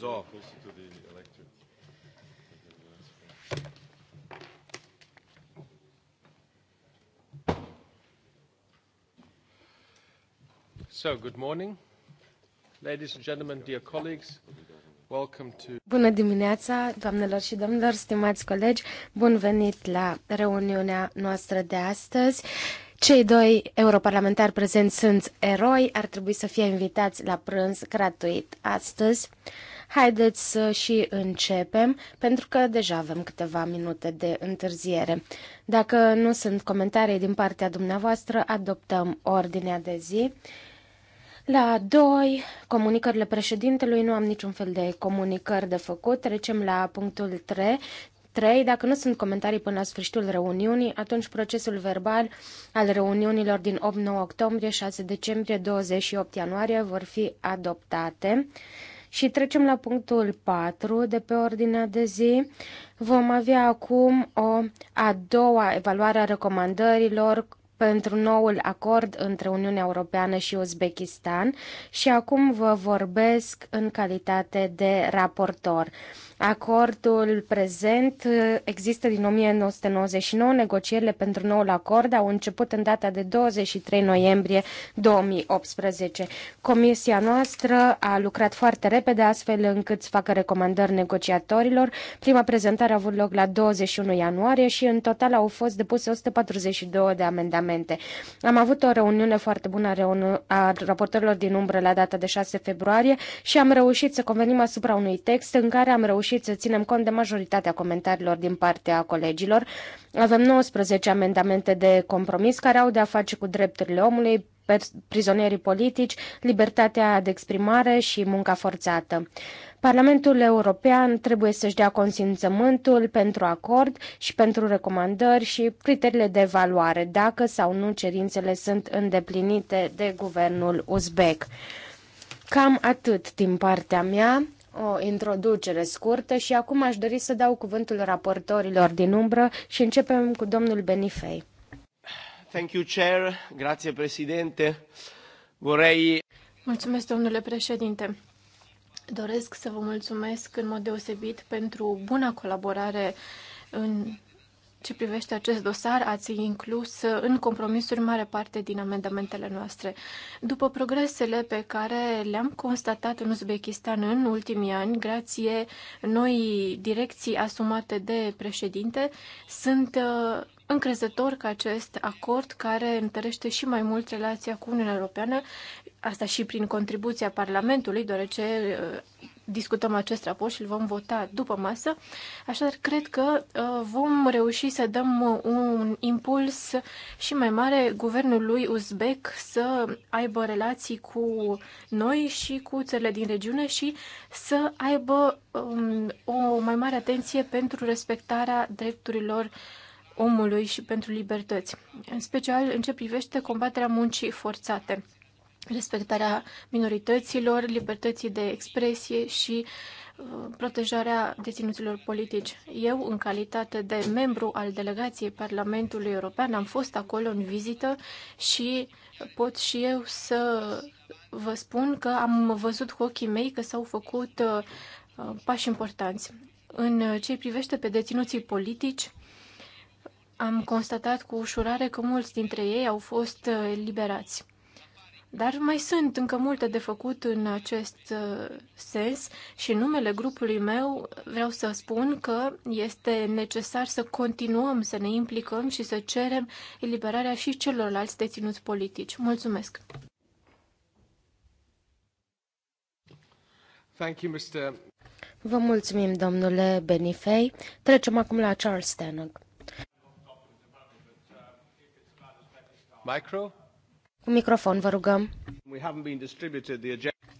So. So, good morning. Ladies and gentlemen, dear colleagues, welcome to... Bună dimineața, doamnelor și domnilor, stimați colegi, bun venit la reuniunea noastră de astăzi. Cei doi europarlamentari prezenți sunt eroi, ar trebui să fie invitați la prânz gratuit astăzi. Haideți să și începem, pentru că deja avem câteva minute de întârziere. Dacă nu sunt comentarii din partea dumneavoastră, adoptăm ordinea de zi. La 2, comunicările președintelui, nu am niciun fel de comunicări de făcut. Trecem la punctul 3, 3. Dacă nu sunt comentarii până la sfârșitul reuniunii, atunci procesul verbal al reuniunilor din 8-9 octombrie, 6 decembrie, 28 ianuarie vor fi adoptate. Și trecem la punctul 4 de pe ordinea de zi. Vom avea acum o a doua evaluare a recomandărilor pentru noul acord între Uniunea Europeană și Uzbekistan și acum vă vorbesc în calitate de raportor. Acordul prezent uh, există din 1999. Negocierile pentru noul acord au început în data de 23 noiembrie 2018. Comisia noastră a lucrat foarte repede astfel încât să facă recomandări negociatorilor. Prima prezentare a avut loc la 21 ianuarie și în total au fost depuse 142 de amendamente. Am avut o reuniune foarte bună a raportorilor din umbră la data de 6 februarie și am reușit să convenim asupra unui text în care am reușit reușit să ținem cont de majoritatea comentariilor din partea colegilor. Avem 19 amendamente de compromis care au de a face cu drepturile omului, prizonierii politici, libertatea de exprimare și munca forțată. Parlamentul European trebuie să-și dea consimțământul pentru acord și pentru recomandări și criteriile de evaluare, dacă sau nu cerințele sunt îndeplinite de guvernul uzbek. Cam atât din partea mea o introducere scurtă și acum aș dori să dau cuvântul raportorilor din umbră și începem cu domnul Benifei. Thank you, Chair. Grazie, Presidente. Vorrei... Mulțumesc, domnule președinte. Doresc să vă mulțumesc în mod deosebit pentru buna colaborare în ce privește acest dosar, ați inclus în compromisuri mare parte din amendamentele noastre. După progresele pe care le-am constatat în Uzbekistan în ultimii ani, grație noi direcții asumate de președinte, sunt uh, încrezător că acest acord, care întărește și mai mult relația cu Uniunea Europeană, asta și prin contribuția Parlamentului, deoarece uh, discutăm acest raport și îl vom vota după masă. Așadar, cred că uh, vom reuși să dăm uh, un impuls și mai mare guvernului uzbek să aibă relații cu noi și cu țările din regiune și să aibă um, o mai mare atenție pentru respectarea drepturilor omului și pentru libertăți, în special în ce privește combaterea muncii forțate respectarea minorităților, libertății de expresie și uh, protejarea deținuților politici. Eu, în calitate de membru al delegației Parlamentului European, am fost acolo în vizită și pot și eu să vă spun că am văzut cu ochii mei că s-au făcut uh, uh, pași importanți. În ce privește pe deținuții politici, am constatat cu ușurare că mulți dintre ei au fost liberați. Dar mai sunt încă multe de făcut în acest uh, sens și în numele grupului meu vreau să spun că este necesar să continuăm să ne implicăm și să cerem eliberarea și celorlalți deținuți politici. Mulțumesc! Thank you, Mr. Vă mulțumim, domnule Benifei. Trecem acum la Charles Stanag. Micro? Cu microfon, vă rugăm.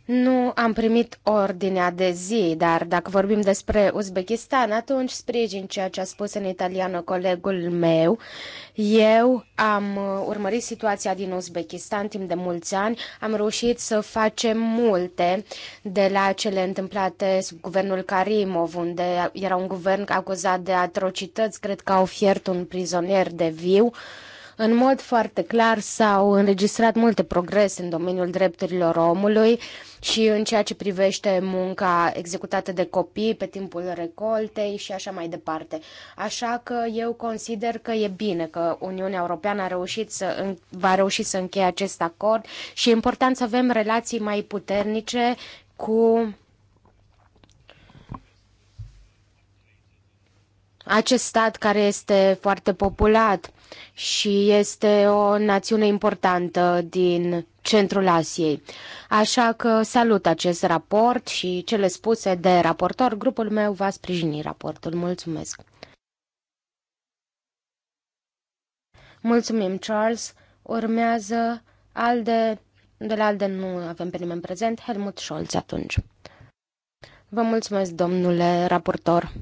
Nu am primit ordinea de zi, dar dacă vorbim despre Uzbekistan, atunci sprijin ceea ce a spus în italiană colegul meu. Eu am uh, urmărit situația din Uzbekistan timp de mulți ani, am reușit să facem multe de la cele întâmplate sub guvernul Karimov, unde era un guvern acuzat de atrocități, cred că au fiert un prizonier de viu. Uh, în mod foarte clar s-au înregistrat multe progrese în domeniul drepturilor omului și în ceea ce privește munca executată de copii pe timpul recoltei și așa mai departe. Așa că eu consider că e bine că Uniunea Europeană a reușit să, va reuși să încheie acest acord și e important să avem relații mai puternice cu acest stat care este foarte populat și este o națiune importantă din centrul Asiei. Așa că salut acest raport și cele spuse de raportor. Grupul meu va sprijini raportul. Mulțumesc! Mulțumim, Charles. Urmează Alde, de la Alde nu avem pe nimeni prezent, Helmut Scholz atunci. Vă mulțumesc, domnule raportor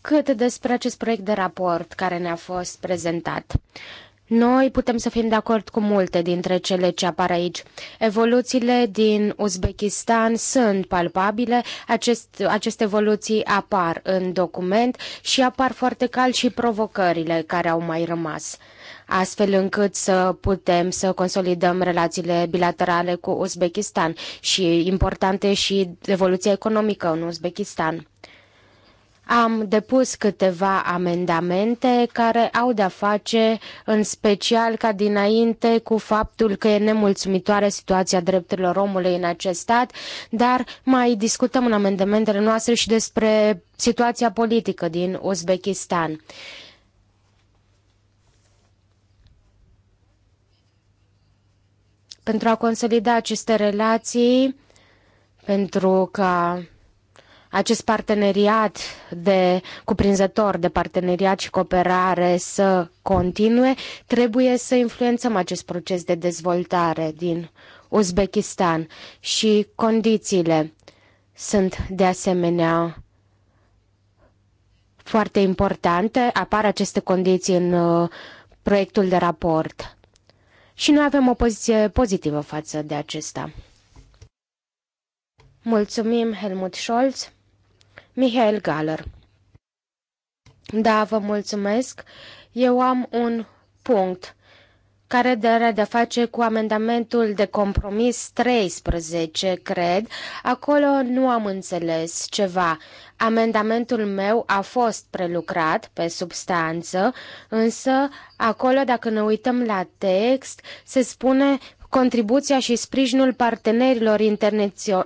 cât despre acest proiect de raport care ne-a fost prezentat. Noi putem să fim de acord cu multe dintre cele ce apar aici. Evoluțiile din Uzbekistan sunt palpabile, Acest, aceste evoluții apar în document și apar foarte cal și provocările care au mai rămas astfel încât să putem să consolidăm relațiile bilaterale cu Uzbekistan și importante și evoluția economică în Uzbekistan. Am depus câteva amendamente care au de-a face în special ca dinainte cu faptul că e nemulțumitoare situația drepturilor omului în acest stat, dar mai discutăm în amendamentele noastre și despre situația politică din Uzbekistan. Pentru a consolida aceste relații, pentru ca acest parteneriat de cuprinzător de parteneriat și cooperare să continue, trebuie să influențăm acest proces de dezvoltare din Uzbekistan și condițiile sunt de asemenea foarte importante, apar aceste condiții în uh, proiectul de raport. Și noi avem o poziție pozitivă față de acesta. Mulțumim, Helmut Scholz. Mihail Galer. Da, vă mulțumesc. Eu am un punct care are de face cu amendamentul de compromis 13, cred. Acolo nu am înțeles ceva. Amendamentul meu a fost prelucrat pe substanță, însă acolo, dacă ne uităm la text, se spune contribuția și sprijinul partenerilor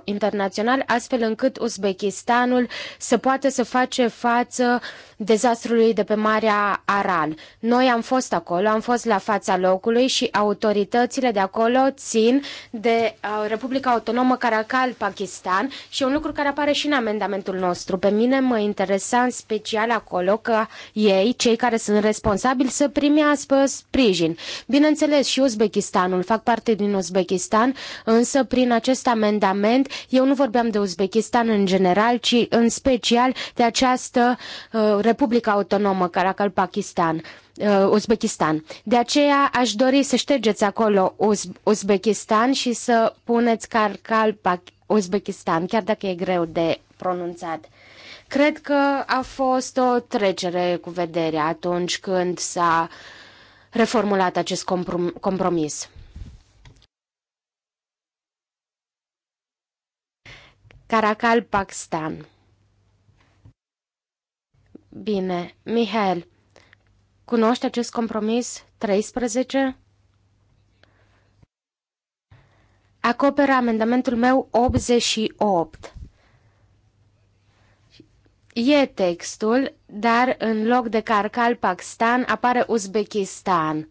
internaționali, astfel încât Uzbekistanul să poată să face față dezastrului de pe Marea Aral. Noi am fost acolo, am fost la fața locului și autoritățile de acolo țin de uh, Republica Autonomă Caracal, Pakistan și un lucru care apare și în amendamentul nostru. Pe mine mă interesa în special acolo că ei, cei care sunt responsabili, să primească sprijin. Bineînțeles, și Uzbekistanul, fac parte din Uzbekistan, însă prin acest amendament eu nu vorbeam de Uzbekistan în general, ci în special de această uh, Republica Autonomă Karakalpakistan, uh, Uzbekistan. De aceea aș dori să ștergeți acolo Uz- Uzbekistan și să puneți Karakalpak Uzbekistan, chiar dacă e greu de pronunțat. Cred că a fost o trecere cu vedere atunci când s-a reformulat acest comprom compromis. Caracal, Pakistan. Bine, Mihail, cunoști acest compromis 13? Acoperă amendamentul meu 88. E textul, dar în loc de Carcal Pakistan apare Uzbekistan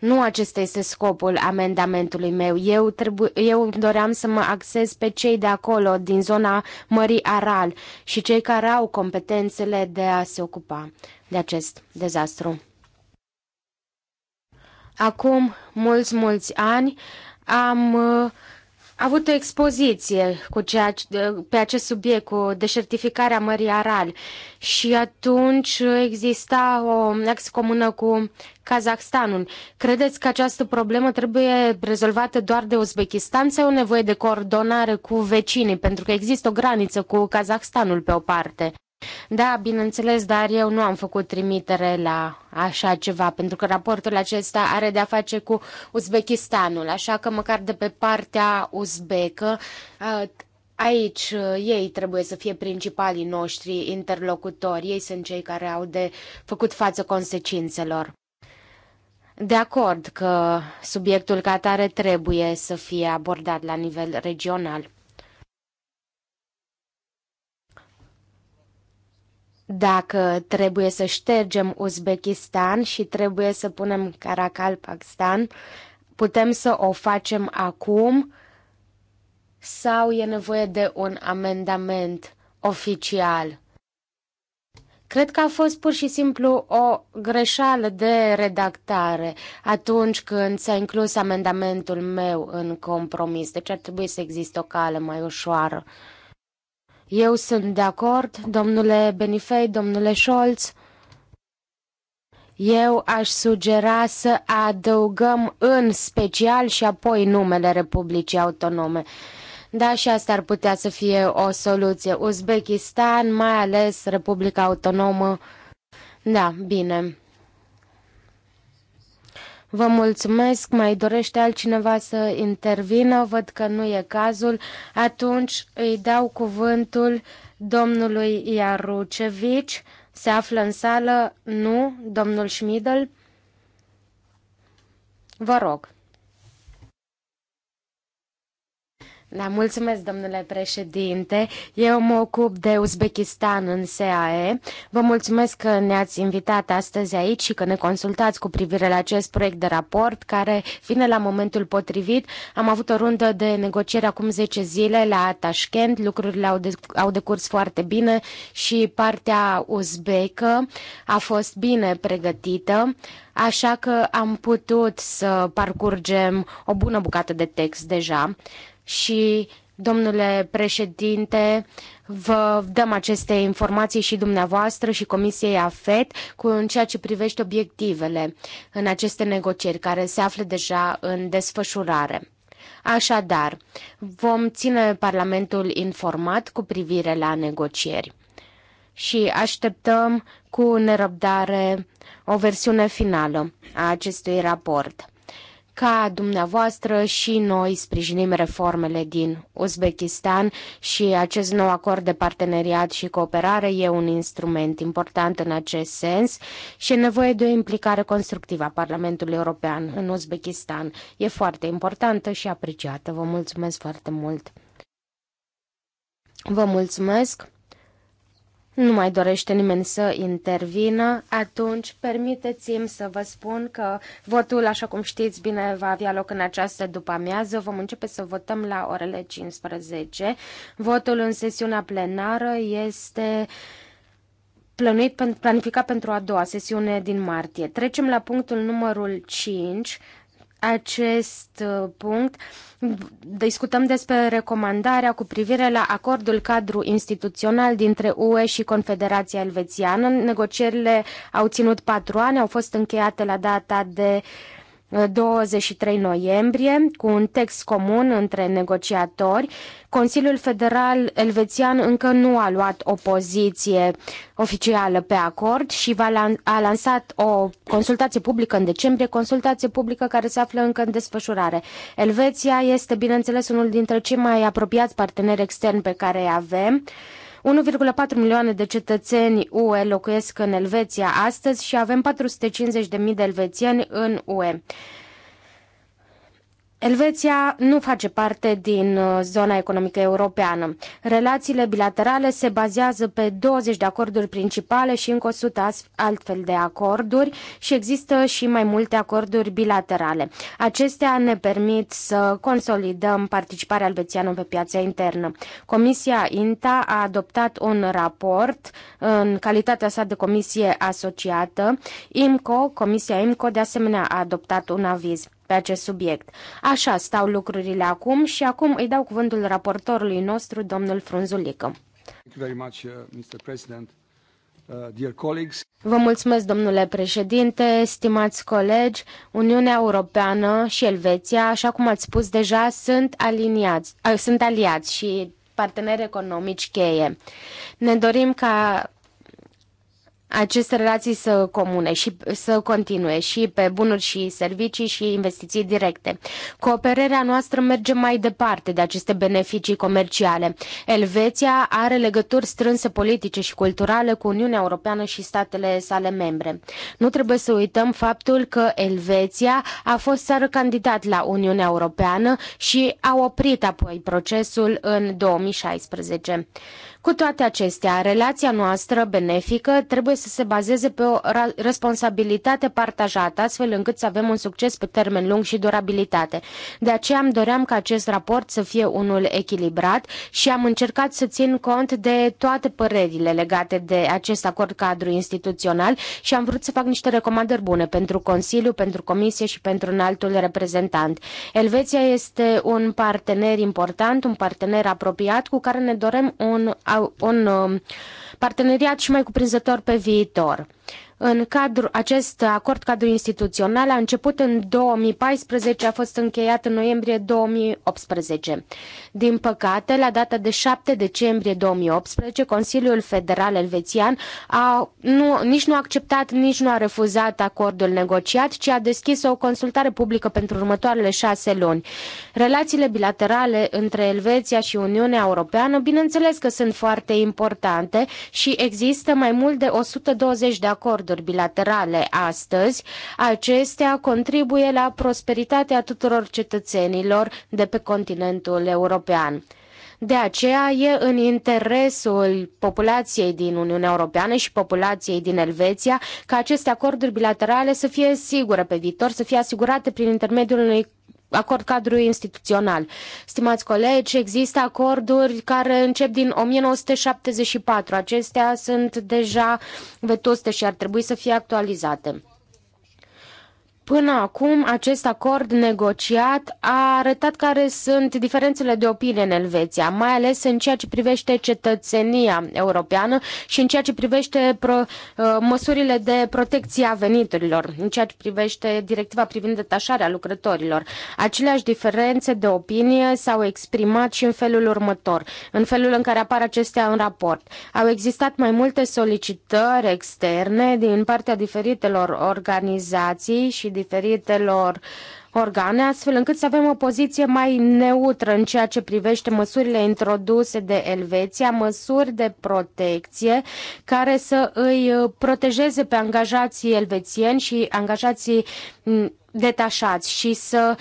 nu acesta este scopul amendamentului meu. Eu, trebu- eu doream să mă axez pe cei de acolo, din zona Mării Aral și cei care au competențele de a se ocupa de acest dezastru. Acum mulți, mulți ani am uh, avut o expoziție cu ceea, pe acest subiect, cu deșertificarea Mării Aral și atunci exista o ex comună cu Kazahstanul. Credeți că această problemă trebuie rezolvată doar de Uzbekistan sau o nevoie de coordonare cu vecinii, pentru că există o graniță cu Kazahstanul pe o parte? Da, bineînțeles, dar eu nu am făcut trimitere la așa ceva, pentru că raportul acesta are de-a face cu Uzbekistanul, așa că măcar de pe partea uzbecă, aici ei trebuie să fie principalii noștri interlocutori, ei sunt cei care au de făcut față consecințelor. De acord că subiectul ca atare trebuie să fie abordat la nivel regional. dacă trebuie să ștergem Uzbekistan și trebuie să punem Caracal Pakistan, putem să o facem acum sau e nevoie de un amendament oficial? Cred că a fost pur și simplu o greșeală de redactare atunci când s-a inclus amendamentul meu în compromis, deci ar trebui să existe o cale mai ușoară. Eu sunt de acord, domnule Benifei, domnule Scholz. Eu aș sugera să adăugăm în special și apoi numele Republicii Autonome. Da, și asta ar putea să fie o soluție. Uzbekistan, mai ales Republica Autonomă. Da, bine. Vă mulțumesc. Mai dorește altcineva să intervină? Văd că nu e cazul. Atunci îi dau cuvântul domnului Iarucevici. Se află în sală? Nu. Domnul Schmidl? Vă rog. Da, mulțumesc, domnule președinte. Eu mă ocup de Uzbekistan în SAE. Vă mulțumesc că ne-ați invitat astăzi aici și că ne consultați cu privire la acest proiect de raport, care vine la momentul potrivit. Am avut o rundă de negocieri acum 10 zile la Tashkent. Lucrurile au, de- au decurs foarte bine și partea uzbecă a fost bine pregătită așa că am putut să parcurgem o bună bucată de text deja și, domnule președinte, vă dăm aceste informații și dumneavoastră și Comisiei AFET cu în ceea ce privește obiectivele în aceste negocieri care se află deja în desfășurare. Așadar, vom ține Parlamentul informat cu privire la negocieri și așteptăm cu nerăbdare o versiune finală a acestui raport ca dumneavoastră și noi sprijinim reformele din Uzbekistan și acest nou acord de parteneriat și cooperare e un instrument important în acest sens și e nevoie de o implicare constructivă a Parlamentului European în Uzbekistan. E foarte importantă și apreciată. Vă mulțumesc foarte mult! Vă mulțumesc! nu mai dorește nimeni să intervină, atunci permiteți-mi să vă spun că votul, așa cum știți bine, va avea loc în această după-amiază. Vom începe să votăm la orele 15. Votul în sesiunea plenară este planificat pentru a doua sesiune din martie. Trecem la punctul numărul 5, acest uh, punct discutăm despre recomandarea cu privire la acordul cadru instituțional dintre UE și Confederația Elvețiană. Negocierile au ținut patru ani, au fost încheiate la data de 23 noiembrie, cu un text comun între negociatori. Consiliul Federal Elvețian încă nu a luat o poziție oficială pe acord și va lan- a lansat o consultație publică în decembrie, consultație publică care se află încă în desfășurare. Elveția este, bineînțeles, unul dintre cei mai apropiați parteneri externi pe care îi avem. Uh, 1,4 milioane de cetățeni UE locuiesc în Elveția astăzi și avem 450.000 de elvețieni în UE. Elveția nu face parte din uh, zona economică europeană. Relațiile bilaterale se bazează pe 20 de acorduri principale și încă 100 altfel de acorduri și există și mai multe acorduri bilaterale. Acestea ne permit să consolidăm participarea elvețiană pe piața internă. Comisia INTA a adoptat un raport în calitatea sa de comisie asociată. IMCO, Comisia IMCO, de asemenea, a adoptat un aviz pe acest subiect. Așa stau lucrurile acum și acum îi dau cuvântul raportorului nostru, domnul Frunzulică. Uh, uh, Vă mulțumesc, domnule președinte, stimați colegi. Uniunea Europeană și Elveția, așa cum ați spus deja, sunt, aliniați, uh, sunt aliați și parteneri economici cheie. Ne dorim ca aceste relații să comune și să continue și pe bunuri și servicii și investiții directe. Cooperarea noastră merge mai departe de aceste beneficii comerciale. Elveția are legături strânse politice și culturale cu Uniunea Europeană și statele sale membre. Nu trebuie să uităm faptul că Elveția a fost țară candidat la Uniunea Europeană și a oprit apoi procesul în 2016. Cu toate acestea, relația noastră benefică trebuie să se bazeze pe o responsabilitate partajată, astfel încât să avem un succes pe termen lung și durabilitate. De aceea îmi doream ca acest raport să fie unul echilibrat și am încercat să țin cont de toate părerile legate de acest acord cadru instituțional și am vrut să fac niște recomandări bune pentru Consiliu, pentru Comisie și pentru un altul reprezentant. Elveția este un partener important, un partener apropiat cu care ne dorem un un um, parteneriat și mai cuprinzător pe viitor. În cadrul acest acord cadru instituțional a început în 2014, a fost încheiat în noiembrie 2018. Din păcate, la data de 7 decembrie 2018, Consiliul Federal Elvețian a, nu, nici nu a acceptat, nici nu a refuzat acordul negociat, ci a deschis o consultare publică pentru următoarele șase luni. Relațiile bilaterale între Elveția și Uniunea Europeană, bineînțeles că sunt foarte importante și există mai mult de 120 de acorduri acorduri bilaterale astăzi, acestea contribuie la prosperitatea tuturor cetățenilor de pe continentul european. De aceea e în interesul populației din Uniunea Europeană și populației din Elveția ca aceste acorduri bilaterale să fie sigure pe viitor, să fie asigurate prin intermediul unui acord cadru instituțional. Stimați colegi, există acorduri care încep din 1974. Acestea sunt deja vetuste și ar trebui să fie actualizate. Până acum, acest acord negociat a arătat care sunt diferențele de opinie în Elveția, mai ales în ceea ce privește cetățenia europeană și în ceea ce privește pro, uh, măsurile de protecție a veniturilor, în ceea ce privește directiva privind detașarea lucrătorilor. Aceleași diferențe de opinie s-au exprimat și în felul următor, în felul în care apar acestea în raport. Au existat mai multe solicitări externe din partea diferitelor organizații și din diferitelor organe, astfel încât să avem o poziție mai neutră în ceea ce privește măsurile introduse de Elveția, măsuri de protecție care să îi uh, protejeze pe angajații elvețieni și angajații mm, detașați și să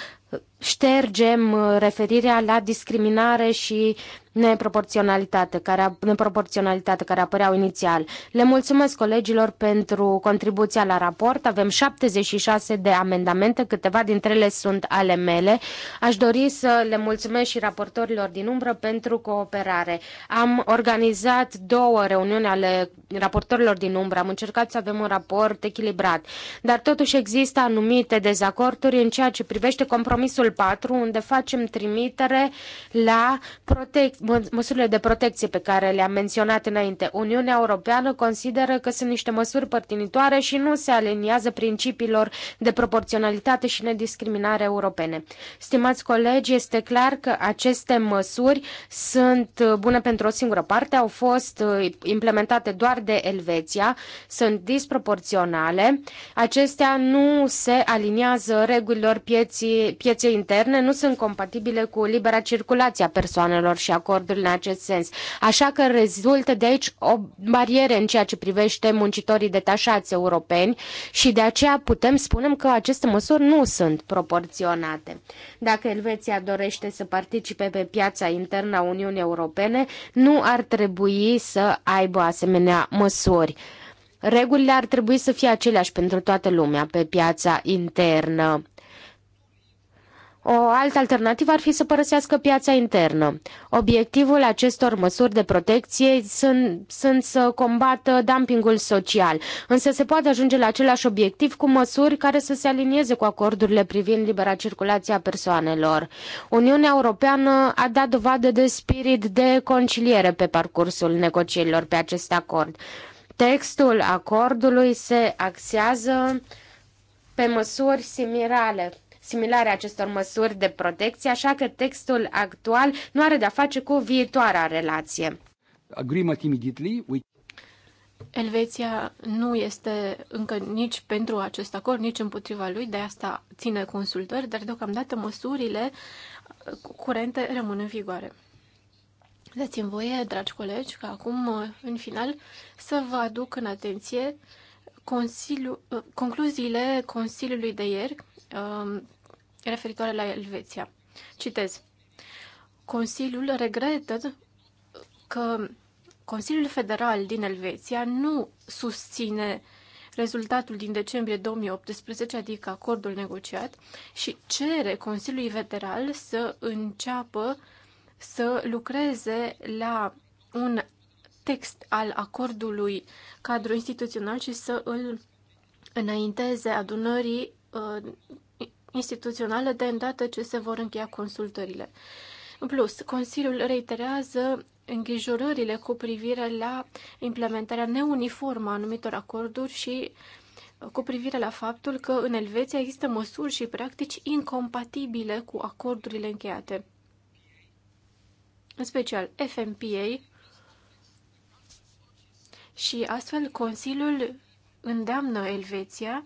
ștergem uh, referirea la discriminare și neproporționalitate care, neproporționalitate care apăreau inițial. Le mulțumesc colegilor pentru contribuția la raport. Avem 76 de amendamente, câteva dintre ele sunt ale mele. Aș dori să le mulțumesc și raportorilor din umbră pentru cooperare. Am organizat două reuniuni ale raportorilor din umbră. Am încercat să avem un raport echilibrat, dar totuși există anumite dezacorduri în ceea ce privește compromisul punctul 4, unde facem trimitere la protec- măsurile de protecție pe care le-am menționat înainte. Uniunea Europeană consideră că sunt niște măsuri părtinitoare și nu se aliniază principiilor de proporționalitate și nediscriminare europene. Stimați colegi, este clar că aceste măsuri sunt uh, bune pentru o singură parte, au fost uh, implementate doar de Elveția, sunt disproporționale. Acestea nu se aliniază regulilor pieții, pieței interne nu sunt compatibile cu libera circulație a persoanelor și acordurile în acest sens. Așa că rezultă de aici o bariere în ceea ce privește muncitorii detașați europeni și de aceea putem spune că aceste măsuri nu sunt proporționate. Dacă Elveția dorește să participe pe piața internă a Uniunii Europene, nu ar trebui să aibă asemenea măsuri. Regulile ar trebui să fie aceleași pentru toată lumea pe piața internă. O altă alternativă ar fi să părăsească piața internă. Obiectivul acestor măsuri de protecție sunt, sunt să combată dumpingul social, însă se poate ajunge la același obiectiv cu măsuri care să se alinieze cu acordurile privind libera circulație a persoanelor. Uniunea Europeană a dat dovadă de spirit de conciliere pe parcursul negocierilor pe acest acord. Textul acordului se axează pe măsuri similare similare acestor măsuri de protecție, așa că textul actual nu are de-a face cu viitoarea relație. Elveția nu este încă nici pentru acest acord, nici împotriva lui, de asta ține consultări, dar deocamdată măsurile curente rămân în vigoare. Dați-mi voie, dragi colegi, că acum, în final, să vă aduc în atenție Consiliu, concluziile Consiliului de ieri um, referitoare la Elveția. Citez. Consiliul regretă că Consiliul Federal din Elveția nu susține rezultatul din decembrie 2018, adică acordul negociat, și cere Consiliului Federal să înceapă să lucreze la un text al acordului cadru instituțional și să îl înainteze adunării uh, instituționale de îndată ce se vor încheia consultările. În plus, Consiliul reiterează îngrijorările cu privire la implementarea neuniformă a anumitor acorduri și cu privire la faptul că în Elveția există măsuri și practici incompatibile cu acordurile încheiate. În special FMPA și astfel Consiliul îndeamnă Elveția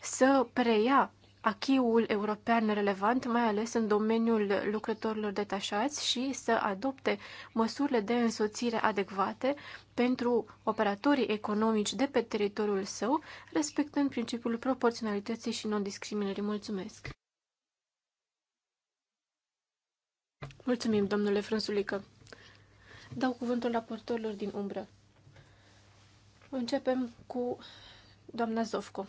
să preia achiul european relevant, mai ales în domeniul lucrătorilor detașați și să adopte măsurile de însoțire adecvate pentru operatorii economici de pe teritoriul său, respectând principiul proporționalității și non-discriminării. Mulțumesc! Mulțumim, domnule Frânsulică! Dau cuvântul raportorilor din umbră. Începem cu doamna Zofco.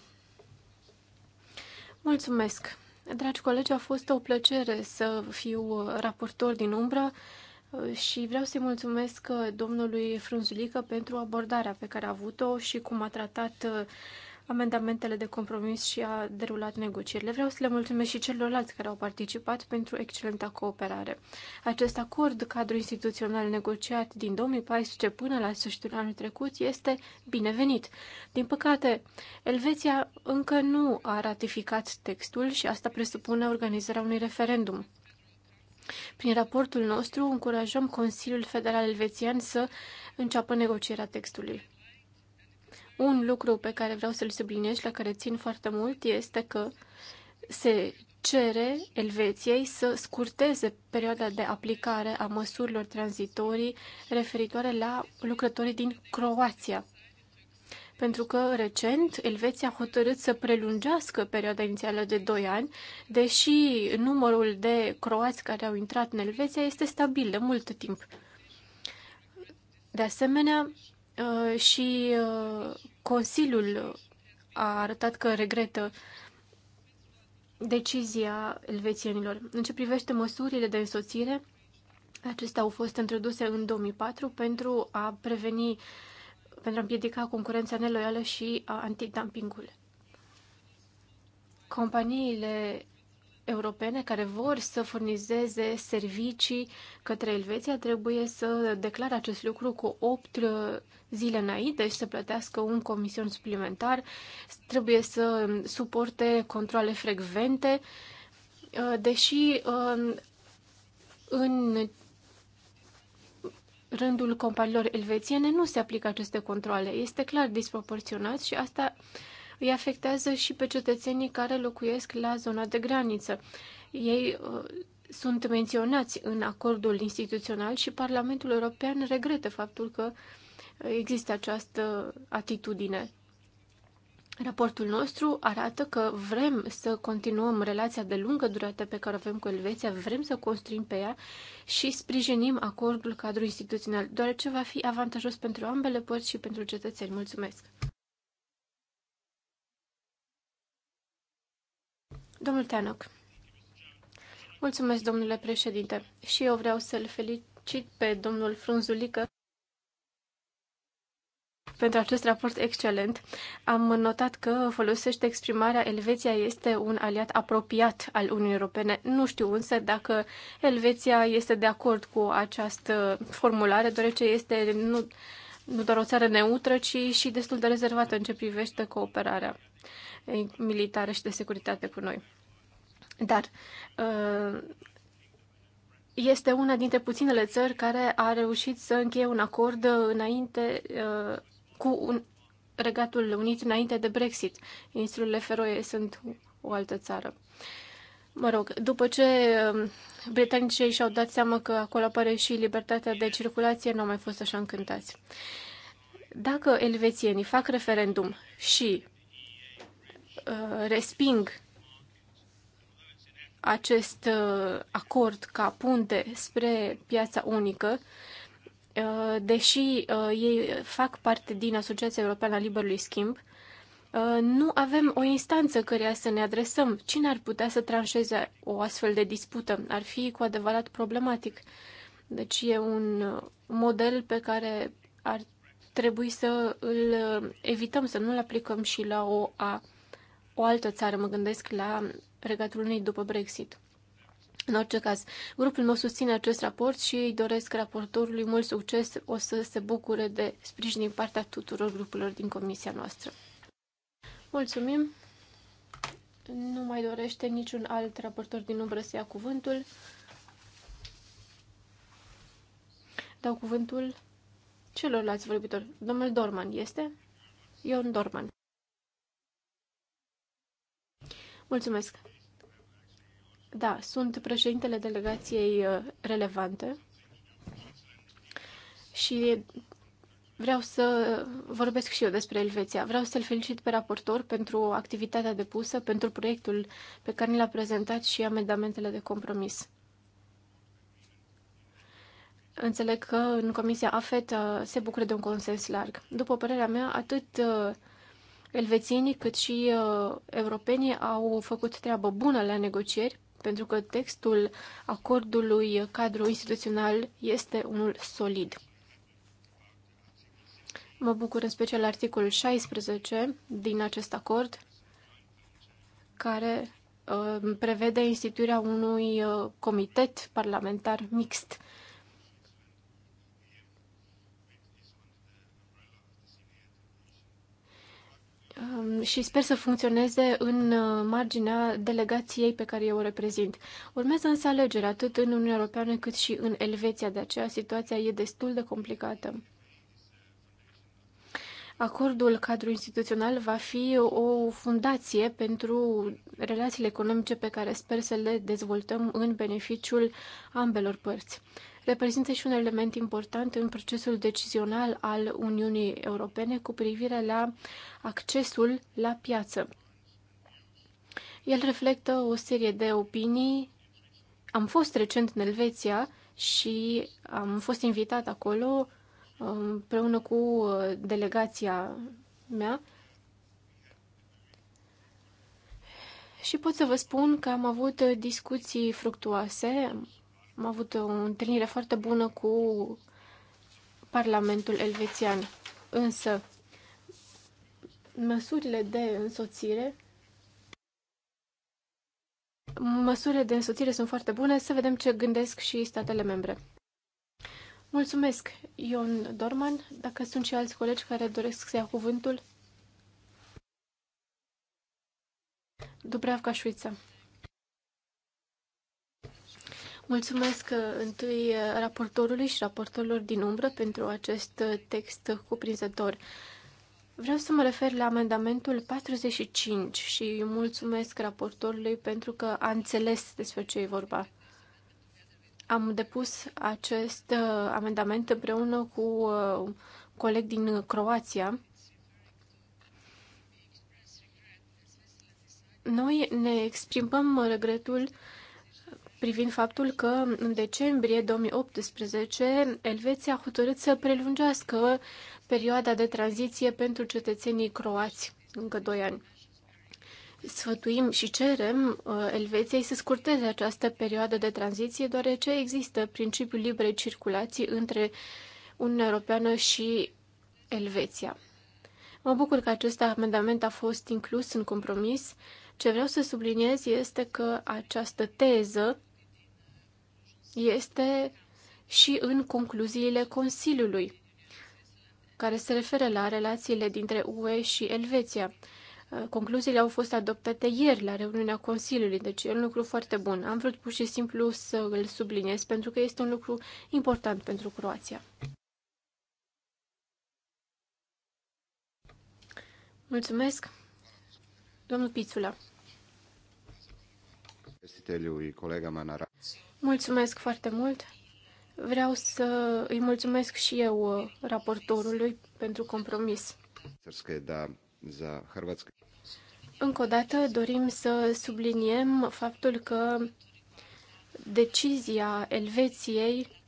Mulțumesc! Dragi colegi, a fost o plăcere să fiu raportor din umbră uh, și vreau să-i mulțumesc uh, domnului Frunzulică pentru abordarea pe care a avut-o și cum a tratat uh, amendamentele de compromis și a derulat negocierile. Vreau să le mulțumesc și celorlalți care au participat pentru excelenta cooperare. Acest acord, cadru instituțional negociat din 2014 până la sfârșitul anului trecut, este binevenit. Din păcate, Elveția încă nu a ratificat textul și asta presupune organizarea unui referendum. Prin raportul nostru încurajăm Consiliul Federal Elvețian să înceapă negocierea textului. Un lucru pe care vreau să-l subliniez la care țin foarte mult este că se cere Elveției să scurteze perioada de aplicare a măsurilor tranzitorii referitoare la lucrătorii din Croația. Pentru că recent Elveția a hotărât să prelungească perioada inițială de 2 ani, deși numărul de croați care au intrat în Elveția este stabil de mult timp. De asemenea, Uh, și uh, Consiliul a arătat că regretă decizia elvețienilor. În ce privește măsurile de însoțire, acestea au fost introduse în 2004 pentru a preveni, pentru a împiedica concurența neloială și antidumpingul. Companiile europene care vor să furnizeze servicii către Elveția trebuie să declare acest lucru cu 8 uh, zile înainte și să plătească un comision suplimentar, trebuie să suporte controle frecvente, uh, deși um, în rândul companiilor elvețiene nu se aplică aceste controle. Este clar disproporționat și asta îi afectează și pe cetățenii care locuiesc la zona de graniță. Ei uh, sunt menționați în acordul instituțional și Parlamentul European regretă faptul că există această atitudine. Raportul nostru arată că vrem să continuăm relația de lungă durată pe care o avem cu Elveția, vrem să construim pe ea și sprijinim acordul cadru instituțional, deoarece va fi avantajos pentru ambele părți și pentru cetățeni. Mulțumesc! Domnul Teanoc. Mulțumesc, domnule președinte. Și eu vreau să-l felicit pe domnul Frunzulică pentru acest raport excelent. Am notat că folosește exprimarea Elveția este un aliat apropiat al Uniunii Europene. Nu știu însă dacă Elveția este de acord cu această formulare, deoarece este nu, nu doar o țară neutră, ci și destul de rezervată în ce privește cooperarea. Eh, militară și de securitate cu noi. Dar eh, este una dintre puținele țări care a reușit să încheie un acord înainte eh, cu un Regatul Unit înainte de Brexit. Insulele Feroe sunt o altă țară. Mă rog, după ce britanicii și-au dat seama că acolo apare și libertatea de circulație, nu au mai fost așa încântați. Dacă elvețienii fac referendum și Uh, resping acest uh, acord ca punte spre piața unică, uh, deși ei fac parte din Asociația Europeană a Liberului Schimb, nu avem o instanță căreia să ne adresăm. Cine ar putea să tranșeze o astfel de dispută? Ar fi cu adevărat problematic. Deci e un model pe care ar trebui să îl evităm, să nu-l aplicăm și la o a o altă țară, mă gândesc la Regatul Unit după Brexit. În orice caz, grupul meu susține acest raport și îi doresc raportorului mult succes. O să se bucure de sprijin din partea tuturor grupurilor din comisia noastră. Mulțumim! Nu mai dorește niciun alt raportor din umbră să ia cuvântul. Dau cuvântul celorlalți vorbitori. Domnul Dorman este? Ion Dorman. Mulțumesc! Da, sunt președintele delegației uh, relevante și vreau să vorbesc și eu despre Elveția. Vreau să-l felicit pe raportor pentru activitatea depusă, pentru proiectul pe care ni l-a prezentat și amendamentele de compromis. Înțeleg că în Comisia AFET uh, se bucură de un consens larg. După părerea mea, atât uh, elvețienii cât și uh, europenii au făcut treabă bună la negocieri, pentru că textul acordului cadru instituțional este unul solid. Mă bucur în special articolul 16 din acest acord, care uh, prevede instituirea unui uh, comitet parlamentar mixt. Uh, Um, și sper să funcționeze în uh, marginea delegației pe care eu o reprezint. Urmează însă alegeri atât în Uniunea Europeană cât și în Elveția, de aceea situația e destul de complicată. Acordul cadru instituțional va fi o fundație pentru relațiile economice pe care sper să le dezvoltăm în beneficiul ambelor părți reprezintă și un element important în procesul decizional al Uniunii Europene cu privire la accesul la piață. El reflectă o serie de opinii. Am fost recent în Elveția și am fost invitat acolo um, împreună cu uh, delegația mea și pot să vă spun că am avut discuții fructuoase, am avut o întâlnire foarte bună cu Parlamentul elvețian. Însă, măsurile de însoțire măsurile de însoțire sunt foarte bune. Să vedem ce gândesc și statele membre. Mulțumesc, Ion Dorman. Dacă sunt și alți colegi care doresc să ia cuvântul. Dubravka Șuița. Mulțumesc uh, întâi uh, raportorului și raportorilor din umbră pentru acest uh, text cuprinzător. Vreau să mă refer la amendamentul 45 și mulțumesc raportorului pentru că a înțeles despre ce e vorba. Am depus acest amendament împreună cu un coleg din Croația. Noi ne exprimăm regretul privind faptul că în decembrie 2018 Elveția a hotărât să prelungească perioada de tranziție pentru cetățenii croați încă 2 ani. Sfătuim și cerem uh, Elveției să scurteze această perioadă de tranziție, deoarece există principiul liberei circulații între Uniunea Europeană și Elveția. Mă bucur că acest amendament a fost inclus în compromis ce vreau să subliniez este că această teză este și în concluziile Consiliului, care se referă la relațiile dintre UE și Elveția. Uh, concluziile au fost adoptate ieri la reuniunea Consiliului, deci e un lucru foarte bun. Am vrut pur și simplu să îl subliniez pentru că este un lucru important pentru Croația. Mulțumesc! Domnul Pițula. Mulțumesc foarte mult. Vreau să îi mulțumesc și eu uh, raportorului pentru compromis. Da, Încă o dată dorim să subliniem faptul că decizia Elveției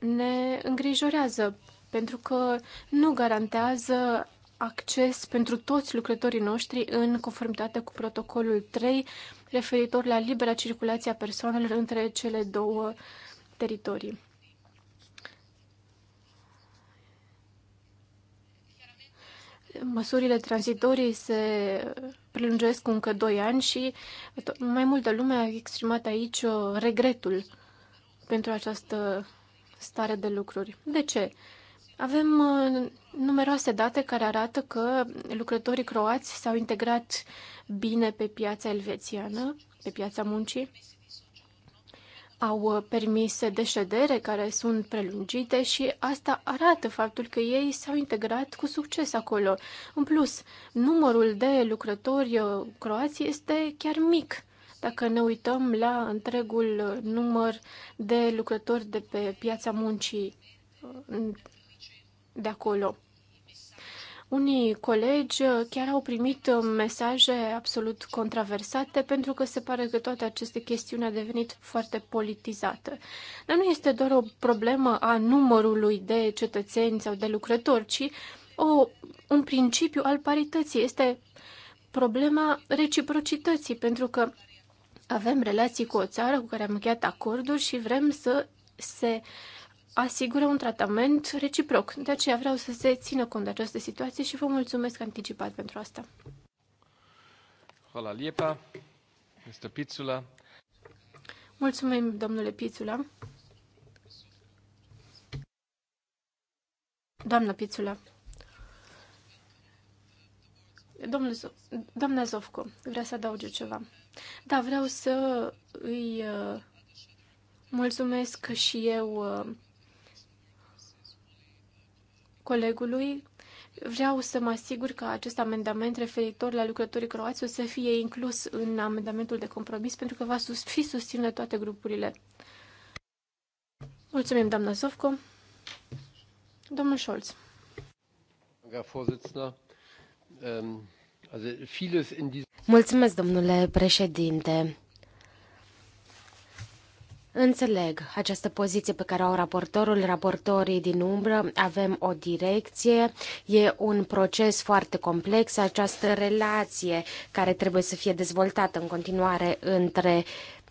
ne îngrijorează pentru că nu garantează acces pentru toți lucrătorii noștri în conformitate cu protocolul 3 referitor la libera circulație a persoanelor între cele două teritorii. Măsurile tranzitorii se prelungesc cu încă 2 ani și mai multă lume a exprimat aici uh, regretul pentru această stare de lucruri. De ce? Avem uh, numeroase date care arată că lucrătorii croați s-au integrat bine pe piața elvețiană, pe piața muncii, au uh, permise de ședere care sunt prelungite și asta arată faptul că ei s-au integrat cu succes acolo. În plus, numărul de lucrători uh, croați este chiar mic dacă ne uităm la întregul număr de lucrători de pe piața muncii de acolo. Unii colegi chiar au primit mesaje absolut controversate, pentru că se pare că toate aceste chestiuni a devenit foarte politizată. Dar nu este doar o problemă a numărului de cetățeni sau de lucrători, ci o, un principiu al parității. Este problema reciprocității, pentru că avem relații cu o țară cu care am încheiat acorduri și vrem să se uh, asigură un tratament reciproc. De aceea vreau să se țină cont de această situație și vă mulțumesc anticipat pentru asta. Hola Liepa, Mr. Pițula. Mulțumim, domnule Pițula. Doamna Pițula. Domnul, doamna Zovco, vrea să adauge ceva. Da, vreau să îi uh, mulțumesc și eu uh, colegului. Vreau să mă asigur că acest amendament referitor la lucrătorii croați o să fie inclus în amendamentul de compromis pentru că va fi susținut de toate grupurile. Mulțumim, doamna Sofco. Domnul Scholz. Ähm, Mulțumesc, domnule președinte. Înțeleg această poziție pe care au raportorul, raportorii din umbră, avem o direcție, e un proces foarte complex, această relație care trebuie să fie dezvoltată în continuare între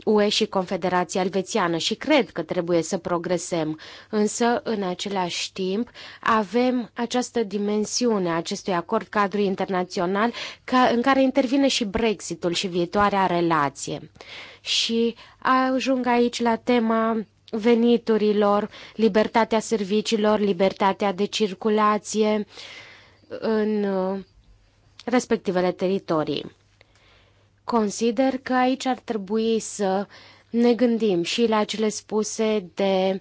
UE și Confederația Elvețiană și cred că trebuie să progresem, însă în același timp avem această dimensiune a acestui acord cadru internațional ca, în care intervine și Brexitul și viitoarea relație și ajung aici la tema veniturilor, libertatea serviciilor, libertatea de circulație în uh, respectivele teritorii. Consider că aici ar trebui să ne gândim și la cele spuse de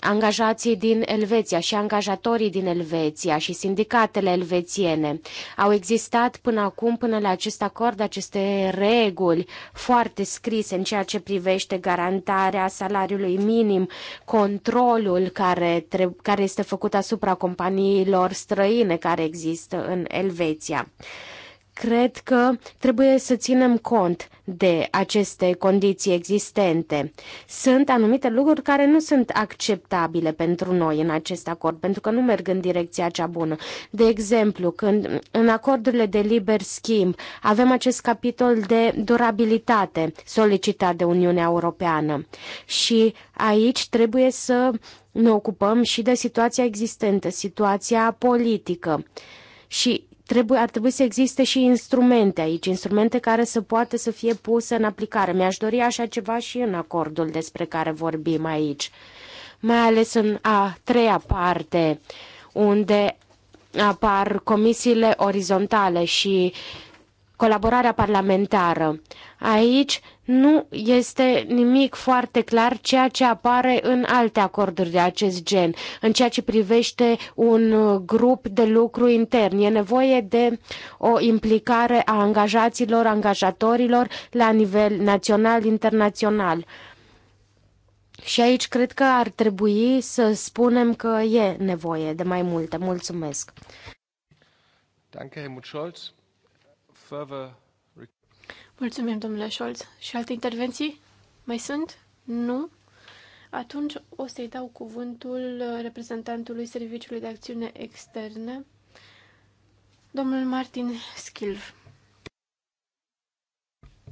angajații din Elveția și angajatorii din Elveția și sindicatele elvețiene. Au existat până acum, până la acest acord, aceste reguli foarte scrise în ceea ce privește garantarea salariului minim, controlul care, care este făcut asupra companiilor străine care există în Elveția. Cred că trebuie să ținem cont de aceste condiții existente. Sunt anumite lucruri care nu sunt acceptabile pentru noi în acest acord, pentru că nu merg în direcția cea bună. De exemplu, când în acordurile de liber schimb avem acest capitol de durabilitate solicitat de Uniunea Europeană și aici trebuie să ne ocupăm și de situația existentă, situația politică. Și trebuie, ar trebui să existe și instrumente aici, instrumente care să poată să fie puse în aplicare. Mi-aș dori așa ceva și în acordul despre care vorbim aici, mai ales în a treia parte, unde apar comisiile orizontale și colaborarea parlamentară. Aici nu este nimic foarte clar ceea ce apare în alte acorduri de acest gen, în ceea ce privește un grup de lucru intern. E nevoie de o implicare a angajaților, angajatorilor la nivel național, internațional. Și aici cred că ar trebui să spunem că e nevoie de mai multe. Mulțumesc! Danke, Helmut Scholz. Mulțumim, domnule Scholz. Și alte intervenții? Mai sunt? Nu? Atunci o să-i dau cuvântul reprezentantului Serviciului de Acțiune Externe, domnul Martin Schilf.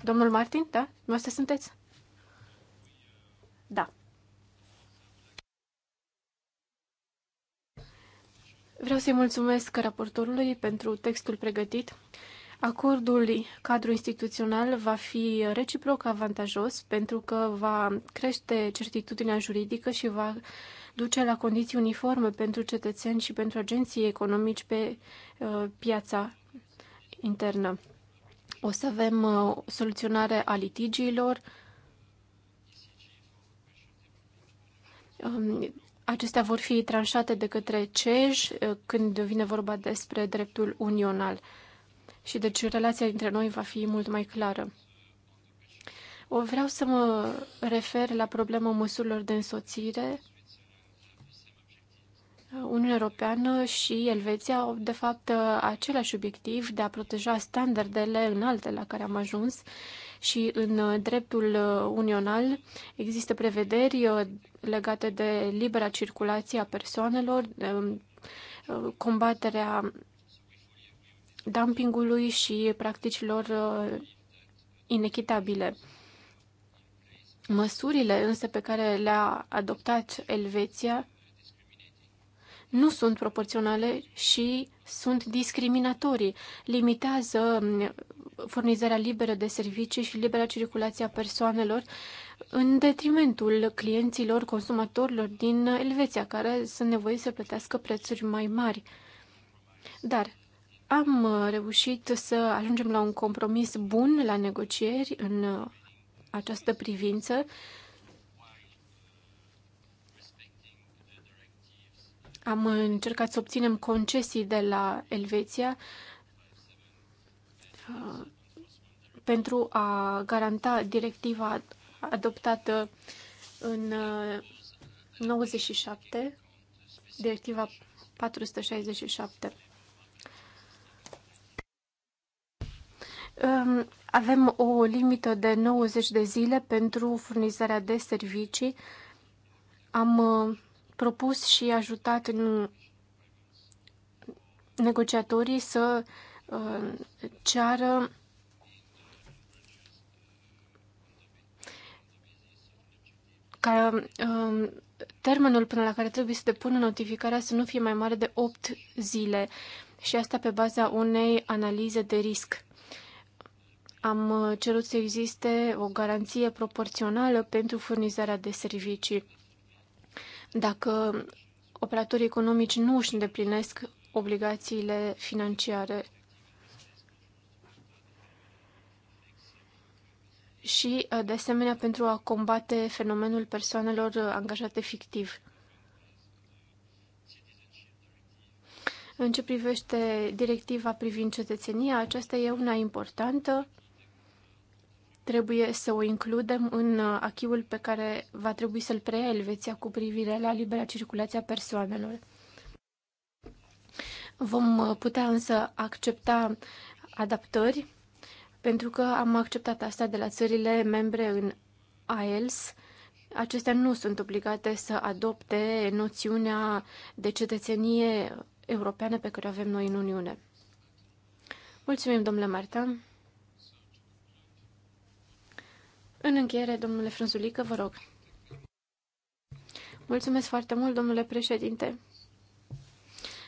Domnul Martin, da? Noastră sunteți? Da. Vreau să-i mulțumesc raportorului pentru textul pregătit Acordul cadru instituțional va fi reciproc avantajos pentru că va crește certitudinea juridică și va duce la condiții uniforme pentru cetățeni și pentru agenții economici pe uh, piața internă. O să avem uh, soluționare a litigiilor. Um, acestea vor fi tranșate de către CEJ uh, când vine vorba despre dreptul unional și deci relația dintre noi va fi mult mai clară. O vreau să mă refer la problema măsurilor de însoțire. Uniunea Europeană și Elveția au, de fapt, același obiectiv de a proteja standardele înalte la care am ajuns și în dreptul unional există prevederi legate de libera circulație a persoanelor, um, combaterea dumpingului și practicilor uh, inechitabile. Măsurile însă pe care le-a adoptat Elveția nu sunt proporționale și sunt discriminatorii. Limitează um, furnizarea liberă de servicii și libera circulație a persoanelor în detrimentul clienților, consumatorilor din Elveția, care sunt nevoiți să plătească prețuri mai mari. Dar am uh, reușit să ajungem la un compromis bun la negocieri în uh, această privință. Am încercat să obținem concesii de la Elveția uh, pentru a garanta directiva adoptată în 97, directiva 467. Avem o limită de 90 de zile pentru furnizarea de servicii. Am uh, propus și ajutat în negociatorii să uh, ceară ca um, termenul până la care trebuie să depună notificarea să nu fie mai mare de 8 zile și asta pe baza unei analize de risc. Am uh, cerut să existe o garanție proporțională pentru furnizarea de servicii. Dacă operatorii economici nu își îndeplinesc obligațiile financiare și, uh, de asemenea, pentru a combate fenomenul persoanelor uh, angajate fictiv. În ce privește directiva privind cetățenia, aceasta e una importantă trebuie să o includem în uh, achiul pe care va trebui să-l preia Elveția cu privire la libera circulație a persoanelor. Vom uh, putea însă accepta adaptări, pentru că am acceptat asta de la țările membre în AELS. Acestea nu sunt obligate să adopte noțiunea de cetățenie europeană pe care o avem noi în Uniune. Mulțumim, domnule Marta. În încheiere, domnule Frânzulică, vă rog. Mulțumesc foarte mult, domnule președinte.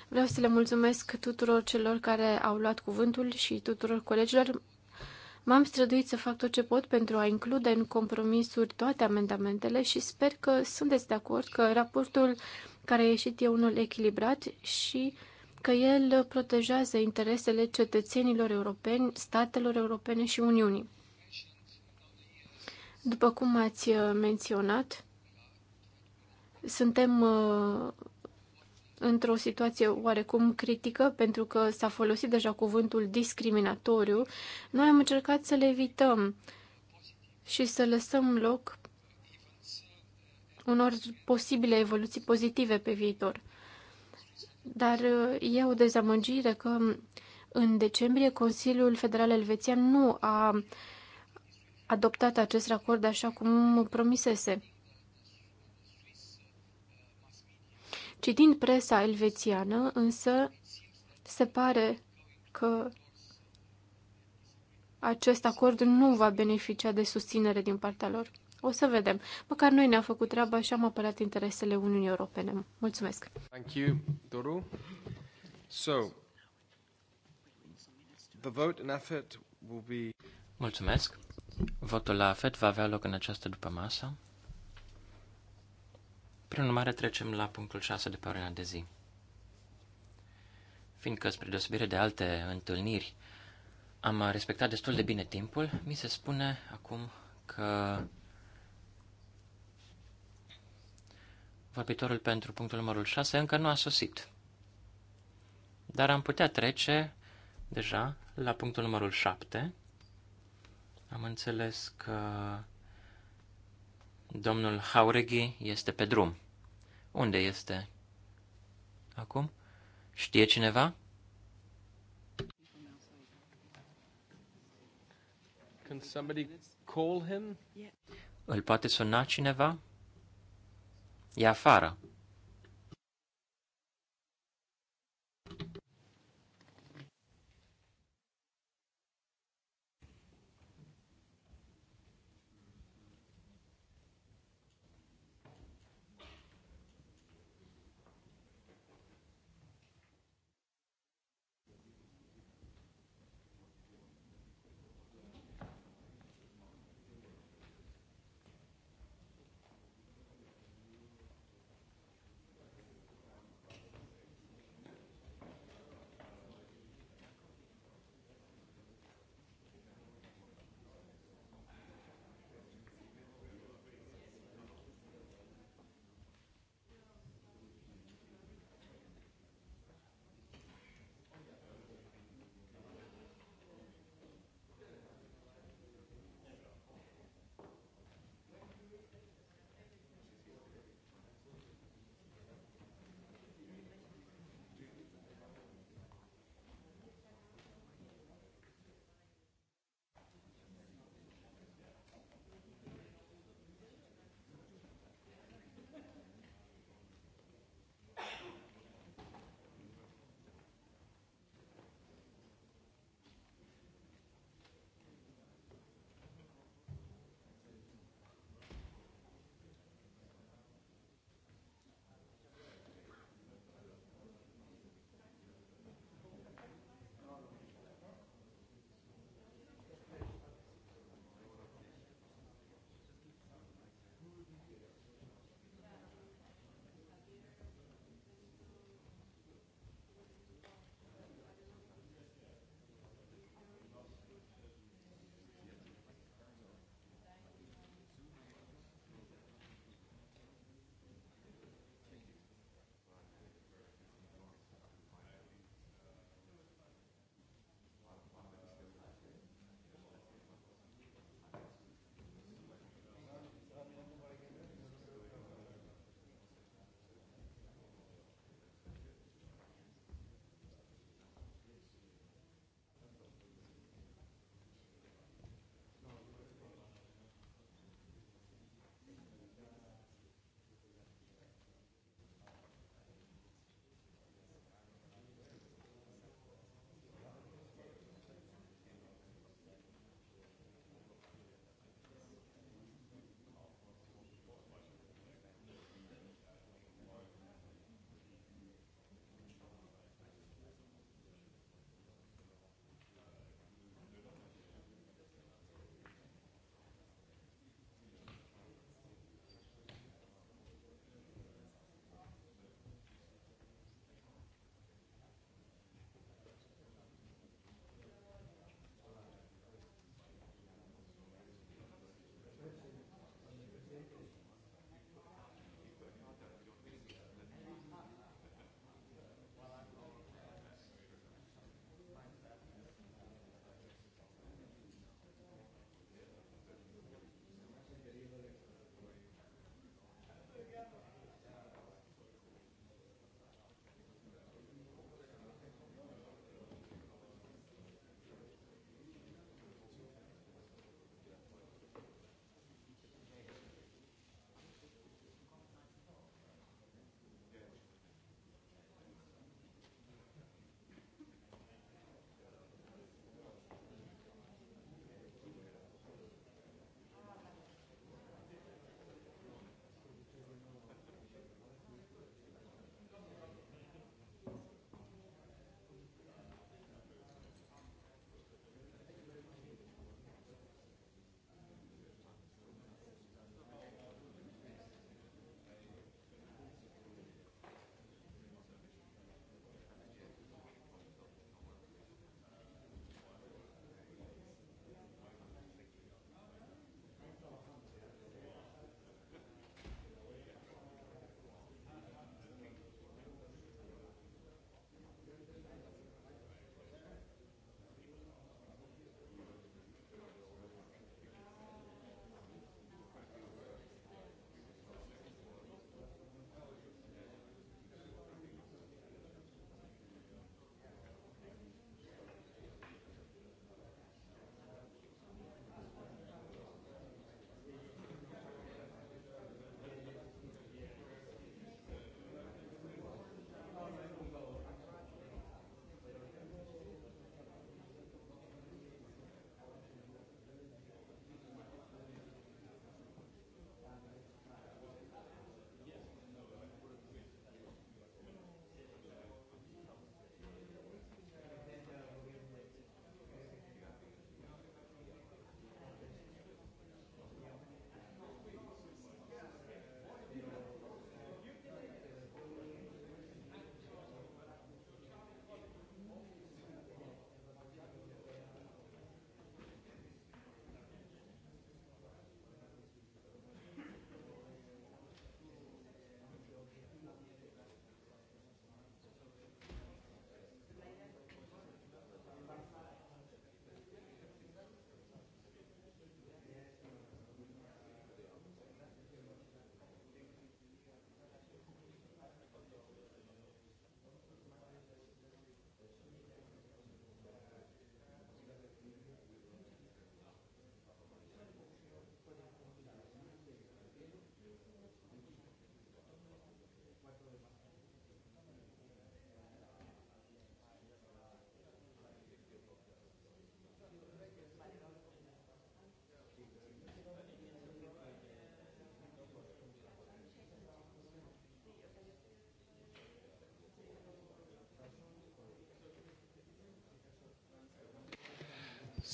Vreau să le mulțumesc tuturor celor care au luat cuvântul și tuturor colegilor. M-am străduit să fac tot ce pot pentru a include în compromisuri toate amendamentele și sper că sunteți de acord că raportul care a ieșit e unul echilibrat și că el protejează interesele cetățenilor europeni, statelor europene și Uniunii. După cum ați uh, menționat, suntem uh, într-o situație oarecum critică, pentru că s-a folosit deja cuvântul discriminatoriu, noi am încercat să le evităm și să lăsăm loc unor posibile evoluții pozitive pe viitor. Dar uh, e o dezamăgire că în decembrie Consiliul Federal Elvețian nu a adoptat acest acord așa cum promisese. Citind presa elvețiană, însă, se pare că acest acord nu va beneficia de susținere din partea lor. O să vedem. Măcar noi ne-am făcut treaba și am apărat interesele Uniunii Europene. Mulțumesc! Thank you, Doru. So, the vote and effort will be... Mulțumesc! Votul la AFET va avea loc în această după masă. Prin urmare, trecem la punctul 6 de pe ordinea de zi. Fiindcă, spre deosebire de alte întâlniri, am respectat destul de bine timpul, mi se spune acum că vorbitorul pentru punctul numărul 6 încă nu a sosit. Dar am putea trece deja la punctul numărul 7, am înțeles că domnul Haureghi este pe drum. Unde este acum? Știe cineva? Can somebody call him? Îl poate suna cineva? E afară.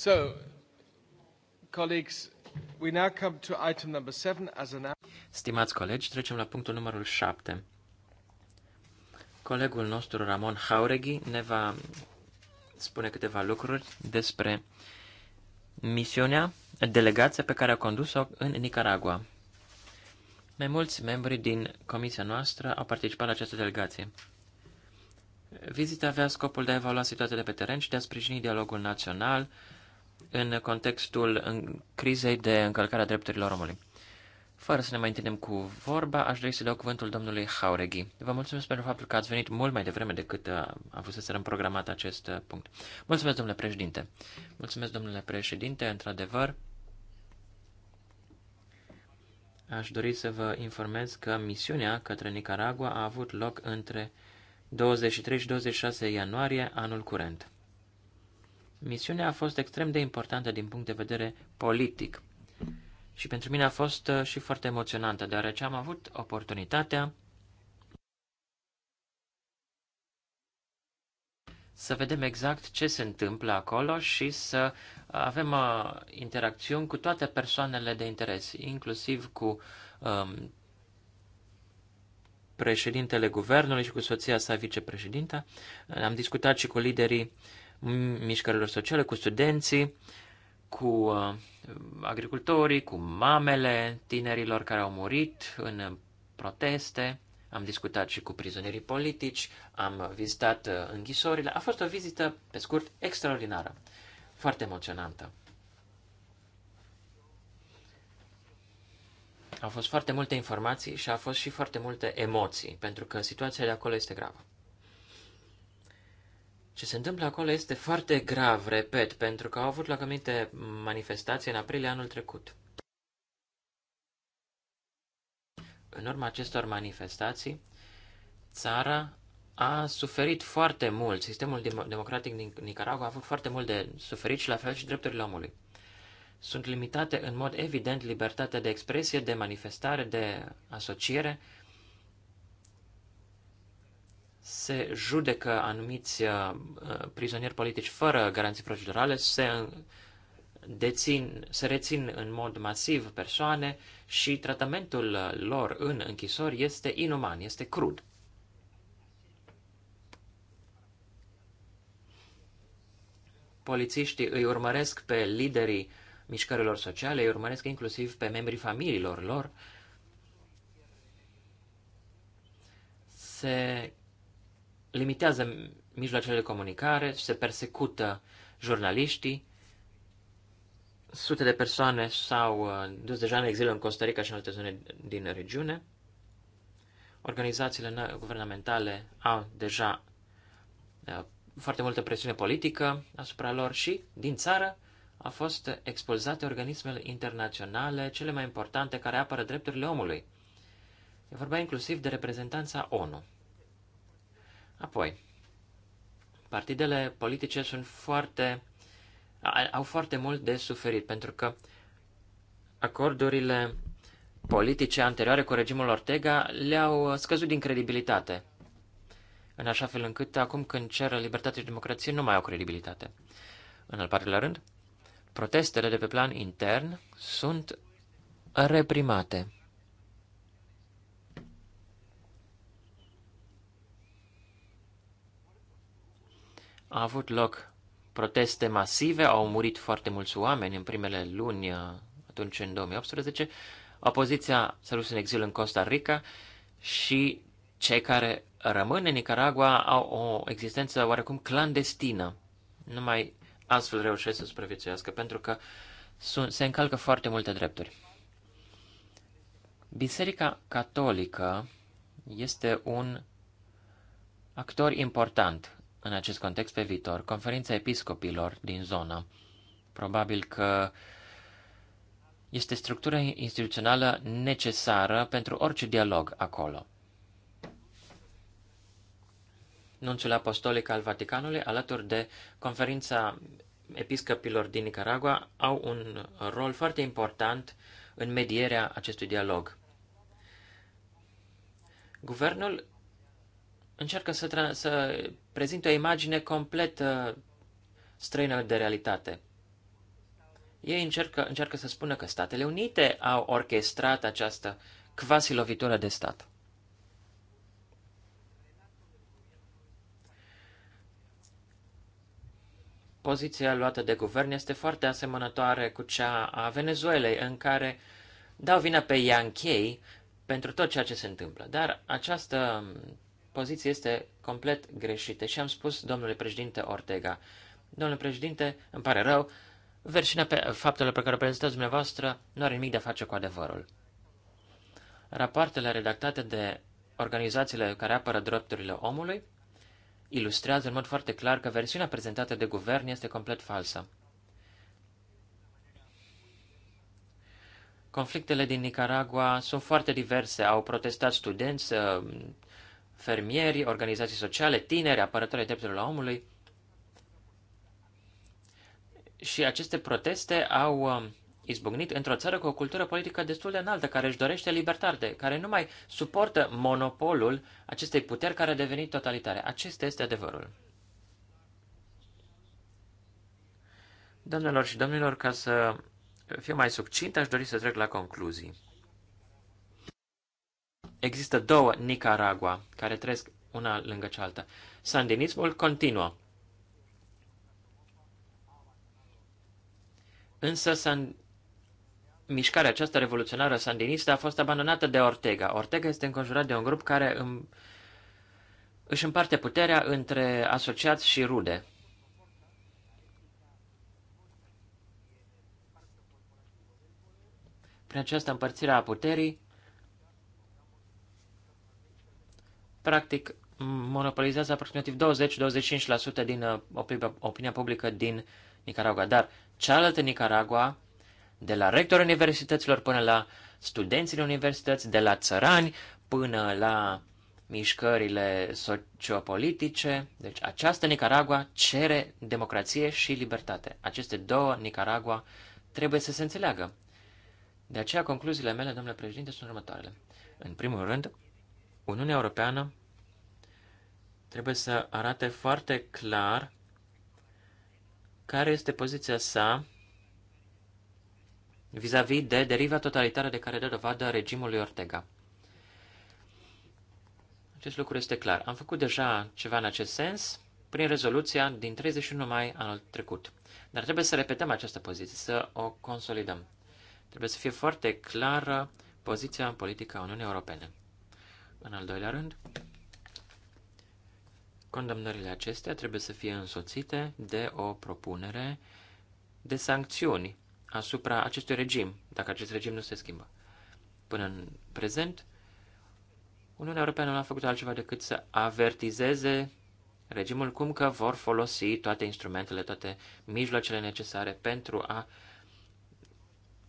So, colleagues, we now come to item number seven as an... Stimați colegi, trecem la punctul numărul 7. Colegul nostru, Ramon Jauregui, ne va spune câteva lucruri despre misiunea, delegația pe care a condus-o în Nicaragua. Mai mulți membri din comisia noastră au participat la această delegație. Vizita avea scopul de a evalua situația de pe teren și de a sprijini dialogul național în contextul în crizei de încălcare a drepturilor omului. Fără să ne mai întindem cu vorba, aș dori să dau cuvântul domnului Haureghi. Vă mulțumesc pentru faptul că ați venit mult mai devreme decât uh, a fost să programat acest uh, punct. Mulțumesc, domnule președinte. Mulțumesc, domnule președinte, într-adevăr. Aș dori să vă informez că misiunea către Nicaragua a avut loc între 23 și 26 ianuarie anul curent. Misiunea a fost extrem de importantă din punct de vedere politic și pentru mine a fost uh, și foarte emoționantă, deoarece am avut oportunitatea să vedem exact ce se întâmplă acolo și să uh, avem uh, interacțiuni cu toate persoanele de interes, inclusiv cu um, președintele guvernului și cu soția sa vicepreședintă. Am discutat și cu liderii mișcărilor sociale, cu studenții, cu uh, agricultorii, cu mamele tinerilor care au murit în proteste. Am discutat și cu prizonierii politici, am vizitat uh, închisorile. A fost o vizită, pe scurt, extraordinară, foarte emoționantă. Au fost foarte multe informații și a fost și foarte multe emoții, pentru că situația de acolo este gravă. Ce se întâmplă acolo este foarte grav, repet, pentru că au avut loc aminte manifestații în aprilie anul trecut. În urma acestor manifestații, țara a suferit foarte mult. Sistemul democratic din Nicaragua a avut foarte mult de suferit și la fel și drepturile omului. Sunt limitate în mod evident libertatea de expresie, de manifestare, de asociere se judecă anumiți uh, prizonieri politici fără garanții procedurale, se, uh, dețin, se rețin în mod masiv persoane și tratamentul uh, lor în închisori este inuman, este crud. Polițiștii îi urmăresc pe liderii mișcărilor sociale, îi urmăresc inclusiv pe membrii familiilor lor, se limitează mijloacele de comunicare, se persecută jurnaliștii, sute de persoane s-au uh, dus deja în exil în Costa Rica și în alte zone din regiune. Organizațiile guvernamentale au deja uh, foarte multă presiune politică asupra lor și, din țară, au fost expulzate organismele internaționale cele mai importante care apără drepturile omului. E vorba inclusiv de reprezentanța ONU. Apoi, partidele politice sunt foarte, au foarte mult de suferit, pentru că acordurile politice anterioare cu regimul Ortega le-au scăzut din credibilitate, în așa fel încât acum când cer libertate și democrație nu mai au credibilitate. În al patrulea rând, protestele de pe plan intern sunt reprimate. a avut loc proteste masive, au murit foarte mulți oameni în primele luni, uh, atunci în 2018, opoziția s-a dus în exil în Costa Rica și cei care rămân în Nicaragua au o existență oarecum clandestină. Numai astfel reușesc să supraviețuiască, pentru că sunt, se încalcă foarte multe drepturi. Biserica Catolică este un actor important în acest context pe viitor. Conferința episcopilor din zonă. Probabil că este structura instituțională necesară pentru orice dialog acolo. Nunțul Apostolic al Vaticanului, alături de conferința episcopilor din Nicaragua, au un rol foarte important în medierea acestui dialog. Guvernul încearcă să, să prezinte o imagine complet uh, străină de realitate. Ei încearcă, încearcă să spună că Statele Unite au orchestrat această quasi-lovitură de stat. Poziția luată de guvern este foarte asemănătoare cu cea a Venezuelei, în care dau vina pe Yankee pentru tot ceea ce se întâmplă. Dar această poziție este complet greșită și am spus domnule președinte Ortega, domnule președinte, îmi pare rău, versiunea pe faptele pe care o prezentați dumneavoastră nu are nimic de a face cu adevărul. Rapoartele redactate de organizațiile care apără drepturile omului ilustrează în mod foarte clar că versiunea prezentată de guvern este complet falsă. Conflictele din Nicaragua sunt foarte diverse. Au protestat studenți, fermieri, organizații sociale, tineri, apărători ai drepturilor omului. Și aceste proteste au um, izbucnit într-o țară cu o cultură politică destul de înaltă, care își dorește libertate, care nu mai suportă monopolul acestei puteri care a devenit totalitare. Acesta este adevărul. Doamnelor și domnilor, ca să fiu mai succint, aș dori să trec la concluzii. Există două Nicaragua care trăiesc una lângă cealaltă. Sandinismul continuă. Însă San... mișcarea aceasta revoluționară sandinistă a fost abandonată de Ortega. Ortega este înconjurat de un grup care îm... își împarte puterea între asociați și rude. Prin această împărțire a puterii, practic, monopolizează aproximativ 20-25% din uh, opinia publică din Nicaragua. Dar cealaltă Nicaragua, de la rectori universităților până la studenții universități, de la țărani până la mișcările sociopolitice. Deci această Nicaragua cere democrație și libertate. Aceste două Nicaragua trebuie să se înțeleagă. De aceea concluziile mele, domnule președinte, sunt următoarele. În primul rând, Uniunea Europeană trebuie să arate foarte clar care este poziția sa vis-a-vis -vis de deriva totalitară de care dă dovadă regimul lui Ortega. Acest lucru este clar. Am făcut deja ceva în acest sens prin rezoluția din 31 mai anul trecut. Dar trebuie să repetăm această poziție, să o consolidăm. Trebuie să fie foarte clară poziția politică politica Uniunii Europene. În al doilea rând, condamnările acestea trebuie să fie însoțite de o propunere de sancțiuni asupra acestui regim, dacă acest regim nu se schimbă. Până în prezent, Uniunea Europeană nu a făcut altceva decât să avertizeze regimul cum că vor folosi toate instrumentele, toate mijloacele necesare pentru a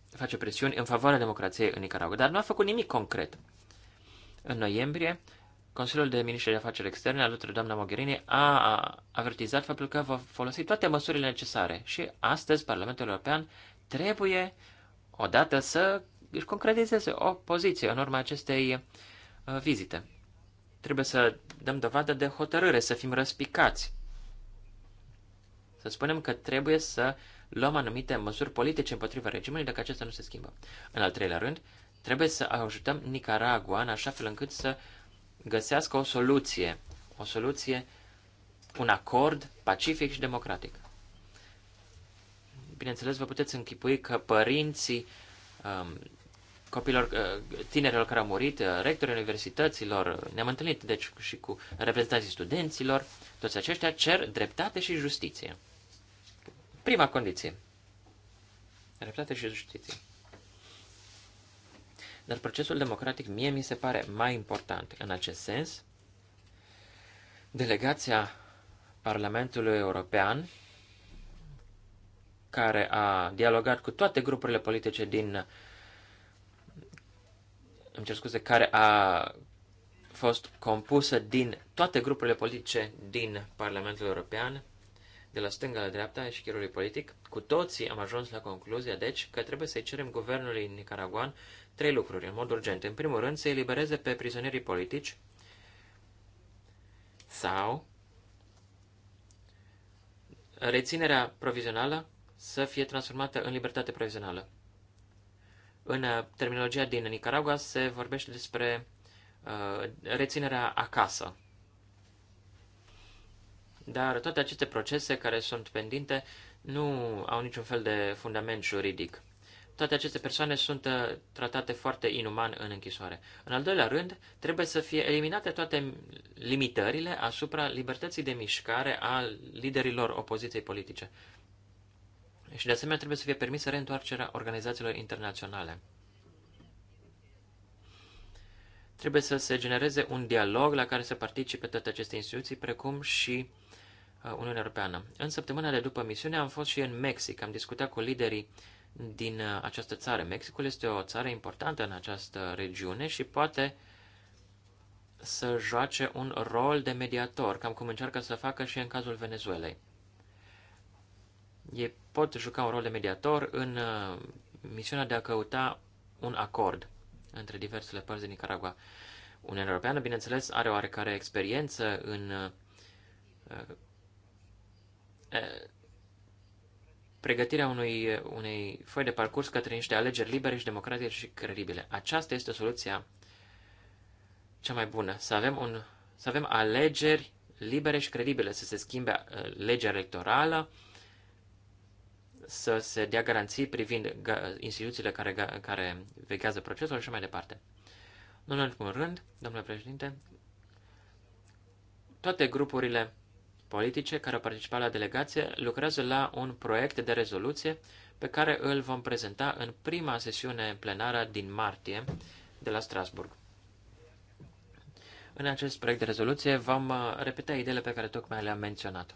face presiuni în favoarea democrației în Nicaragua. Dar nu a făcut nimic concret. În noiembrie, Consiliul de Ministri de Afaceri Externe, alături de doamna Mogherini, a avertizat faptul că va folosi toate măsurile necesare și astăzi Parlamentul European trebuie odată să își concretizeze o poziție în urma acestei uh, vizite. Trebuie să dăm dovadă de hotărâre, să fim răspicați. Să spunem că trebuie să luăm anumite măsuri politice împotriva regimului dacă acesta nu se schimbă. În al treilea rând, Trebuie să ajutăm Nicaragua în așa fel încât să găsească o soluție, o soluție, un acord pacific și democratic. Bineînțeles, vă puteți închipui că părinții um, copilor, uh, tinerilor care au murit, uh, rectorii universităților, uh, ne-am întâlnit deci și cu reprezentanții studenților, toți aceștia cer dreptate și justiție. Prima condiție. Dreptate și justiție. Dar procesul democratic mie mi se pare mai important. În acest sens, delegația Parlamentului European, care a dialogat cu toate grupurile politice din îmi cer scuze, care a fost compusă din toate grupurile politice din Parlamentul European, de la stânga la dreapta și chirului politic, cu toții am ajuns la concluzia, deci, că trebuie să-i cerem guvernului nicaraguan trei lucruri în mod urgent. În primul rând, să elibereze pe prizonierii politici sau reținerea provizională să fie transformată în libertate provizională. În uh, terminologia din Nicaragua se vorbește despre uh, reținerea acasă. Dar toate aceste procese care sunt pendinte nu au niciun fel de fundament juridic toate aceste persoane sunt uh, tratate foarte inuman în închisoare. În al doilea rând, trebuie să fie eliminate toate limitările asupra libertății de mișcare a liderilor opoziției politice. Și de asemenea trebuie să fie permisă reîntoarcerea organizațiilor internaționale. Trebuie să se genereze un dialog la care să participe toate aceste instituții, precum și uh, Uniunea Europeană. În săptămâna de după misiune am fost și în Mexic, am discutat cu liderii uh, din uh, această țară. Mexicul este o țară importantă în această regiune și poate să joace un rol de mediator, cam cum încearcă să facă și în cazul Venezuelei. Ei pot juca un rol de mediator în uh, misiunea de a căuta un acord între diversele părți din Nicaragua. Uniunea Europeană, bineînțeles, are oarecare experiență în uh, pregătirea unui, unei foi de parcurs către niște alegeri libere și democratice și credibile. Aceasta este soluția cea mai bună, să avem, un, să avem alegeri libere și credibile, să se schimbe uh, legea electorală, să se dea garanții privind instituțiile care, care vechează procesul și mai departe. Nu în ultimul rând, domnule președinte, toate grupurile politice care au participat la delegație lucrează la un proiect de rezoluție pe care îl vom prezenta în prima sesiune plenară din martie de la Strasburg. În acest proiect de rezoluție vom uh, repeta ideile pe care tocmai le-am menționat.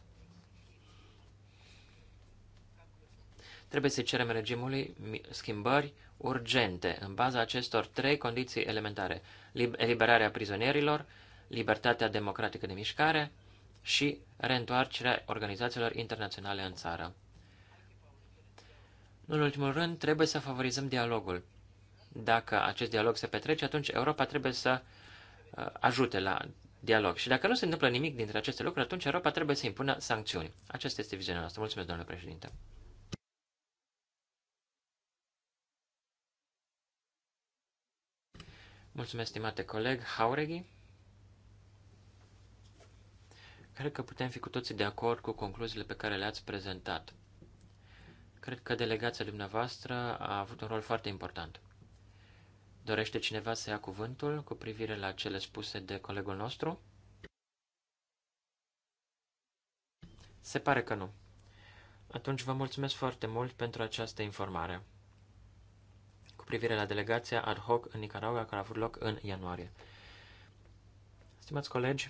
Trebuie să cerem regimului schimbări urgente în baza acestor trei condiții elementare. Eliberarea prizonierilor, libertatea democratică de mișcare și reîntoarcerea organizațiilor internaționale în țară. în ultimul rând, trebuie să favorizăm dialogul. Dacă acest dialog se petrece, atunci Europa trebuie să uh, ajute la dialog. Și dacă nu se întâmplă nimic dintre aceste lucruri, atunci Europa trebuie să impună sancțiuni. Aceasta este viziunea noastră. Mulțumesc, domnule președinte. Mulțumesc, stimate coleg Haureghi. Cred că putem fi cu toții de acord cu concluziile pe care le-ați prezentat. Cred că delegația dumneavoastră a avut un rol foarte important. Dorește cineva să ia cuvântul cu privire la cele spuse de colegul nostru? Se pare că nu. Atunci vă mulțumesc foarte mult pentru această informare cu privire la delegația ad hoc în Nicaragua care a avut loc în ianuarie. Stimați colegi,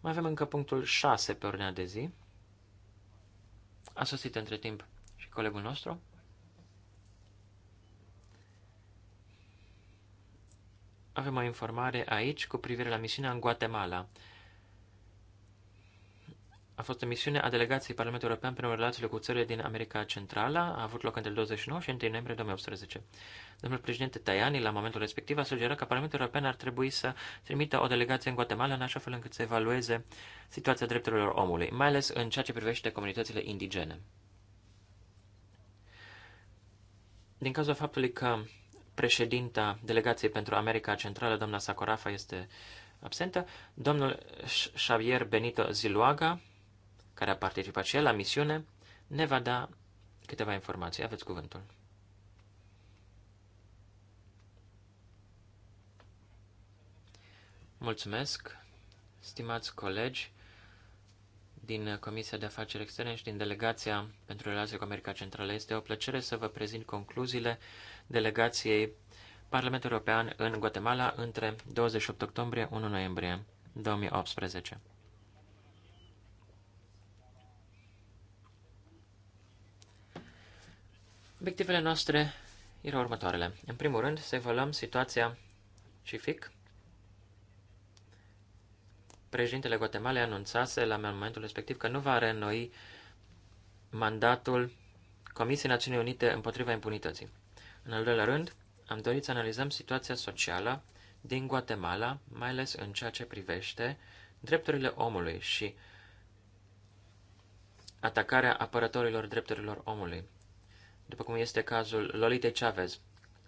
mai avem încă punctul 6 pe ordinea de zi. A sosit între timp și colegul nostru. Avem o informare aici cu privire la misiunea în Guatemala a fost emisiunea a delegației Parlamentului European pentru relațiile cu țările din America Centrală, a avut loc între 29 și 1 noiembrie 2018. Domnul președinte Tajani, la momentul respectiv, a sugerat că Parlamentul European ar trebui să trimită o delegație în Guatemala în așa fel încât să evalueze situația drepturilor omului, mai ales în ceea ce privește comunitățile indigene. Din cauza faptului că președinta delegației pentru America Centrală, doamna Sacorafa, este absentă, domnul Xavier Benito Ziluaga, care a participat și el la misiune, ne va da câteva informații. Aveți cuvântul. Mulțumesc, stimați colegi din Comisia de Afaceri Externe și din Delegația pentru Relații cu America Centrală. Este o plăcere să vă prezint concluziile delegației Parlamentului European în Guatemala între 28 octombrie 1 noiembrie 2018. Obiectivele noastre erau următoarele. În primul rând, să evaluăm situația CIFIC. Președintele Guatemala anunțase la momentul respectiv că nu va reînnoi mandatul Comisiei Națiunii Unite împotriva impunității. În al doilea rând, am dorit să analizăm situația socială din Guatemala, mai ales în ceea ce privește drepturile omului și atacarea apărătorilor drepturilor omului după cum este cazul Lolitei Chavez,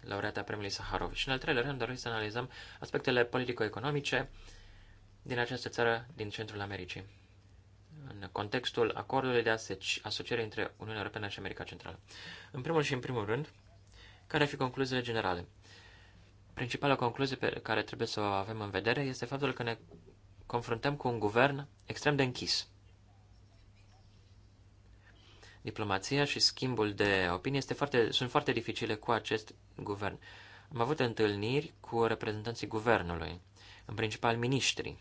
laureata premiului Saharov. Și în al treilea rând doresc să analizăm aspectele politico-economice din această țară din centrul Americii, în contextul acordului de asociere între Uniunea Europeană și America Centrală. În primul și în primul rând, care ar fi concluziile generale? Principala concluzie pe care trebuie să o avem în vedere este faptul că ne confruntăm cu un guvern extrem de închis – Diplomația și schimbul de opinie este foarte, sunt foarte dificile cu acest guvern. Am avut întâlniri cu reprezentanții guvernului, în principal miniștri.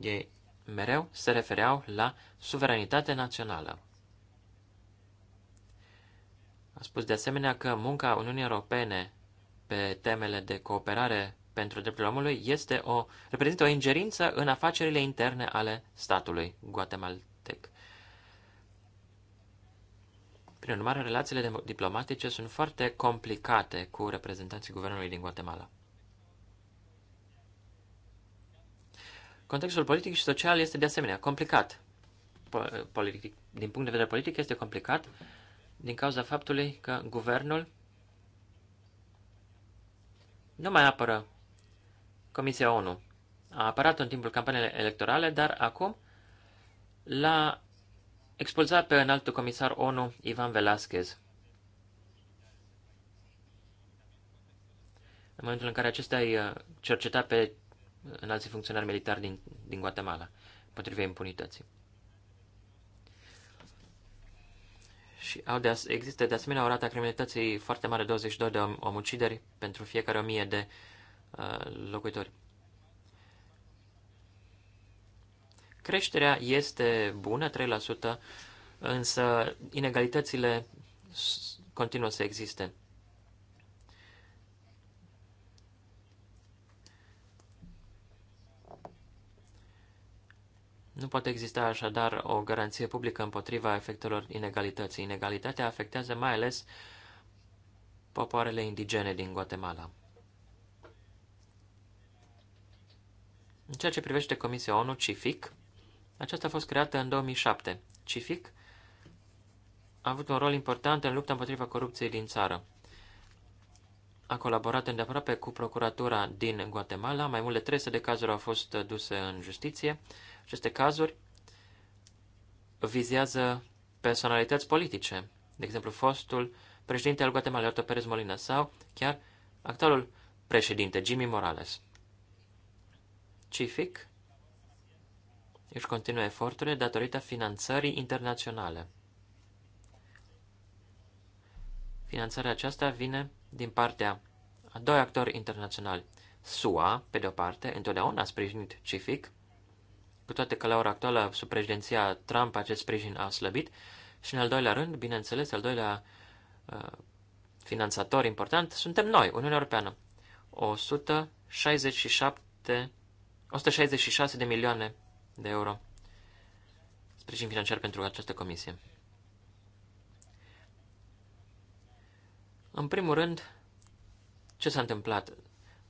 Ei mereu se refereau la suveranitate națională. A spus de asemenea că munca Uniunii Europene pe temele de cooperare pentru drepturile omului este o, reprezintă o ingerință în afacerile interne ale statului guatemaltec. Prin urmare, relațiile diplomatice sunt foarte complicate cu reprezentanții guvernului din Guatemala. Contextul politic și social este de asemenea complicat. Politic, din punct de vedere politic este complicat din cauza faptului că guvernul nu mai apără Comisia ONU. A apărat în timpul campaniei electorale, dar acum, la expulzat pe înaltul comisar ONU Ivan Velasquez. În momentul în care acesta îi uh, cerceta pe uh, înalții funcționari militari din, din Guatemala, potrivit impunității. Și au de există de asemenea o rată a criminalității foarte mare, 22 de om omucideri pentru fiecare 1000 de uh, locuitori. Creșterea este bună, 3%, însă inegalitățile continuă să existe. Nu poate exista așadar o garanție publică împotriva efectelor inegalității. Inegalitatea afectează mai ales popoarele indigene din Guatemala. În ceea ce privește Comisia ONU, CIFIC, aceasta a fost creată în 2007. CIFIC a avut un rol important în lupta împotriva corupției din țară. A colaborat îndeaproape cu procuratura din Guatemala. Mai mult de 300 de cazuri au fost duse în justiție. Aceste cazuri vizează personalități politice, de exemplu fostul președinte al Guatemala, Otto Perez Molina, sau chiar actualul președinte, Jimmy Morales. CIFIC își continuă eforturile datorită finanțării internaționale. Finanțarea aceasta vine din partea a doi actori internaționali. SUA, pe de-o parte, întotdeauna a sprijinit CIFIC, cu toate că la ora actuală, sub președinția Trump, acest sprijin a slăbit. Și în al doilea rând, bineînțeles, al doilea uh, finanțator important, suntem noi, Uniunea Europeană. 167, 166 de milioane de euro sprijin financiar pentru această comisie. În primul rând, ce s-a întâmplat?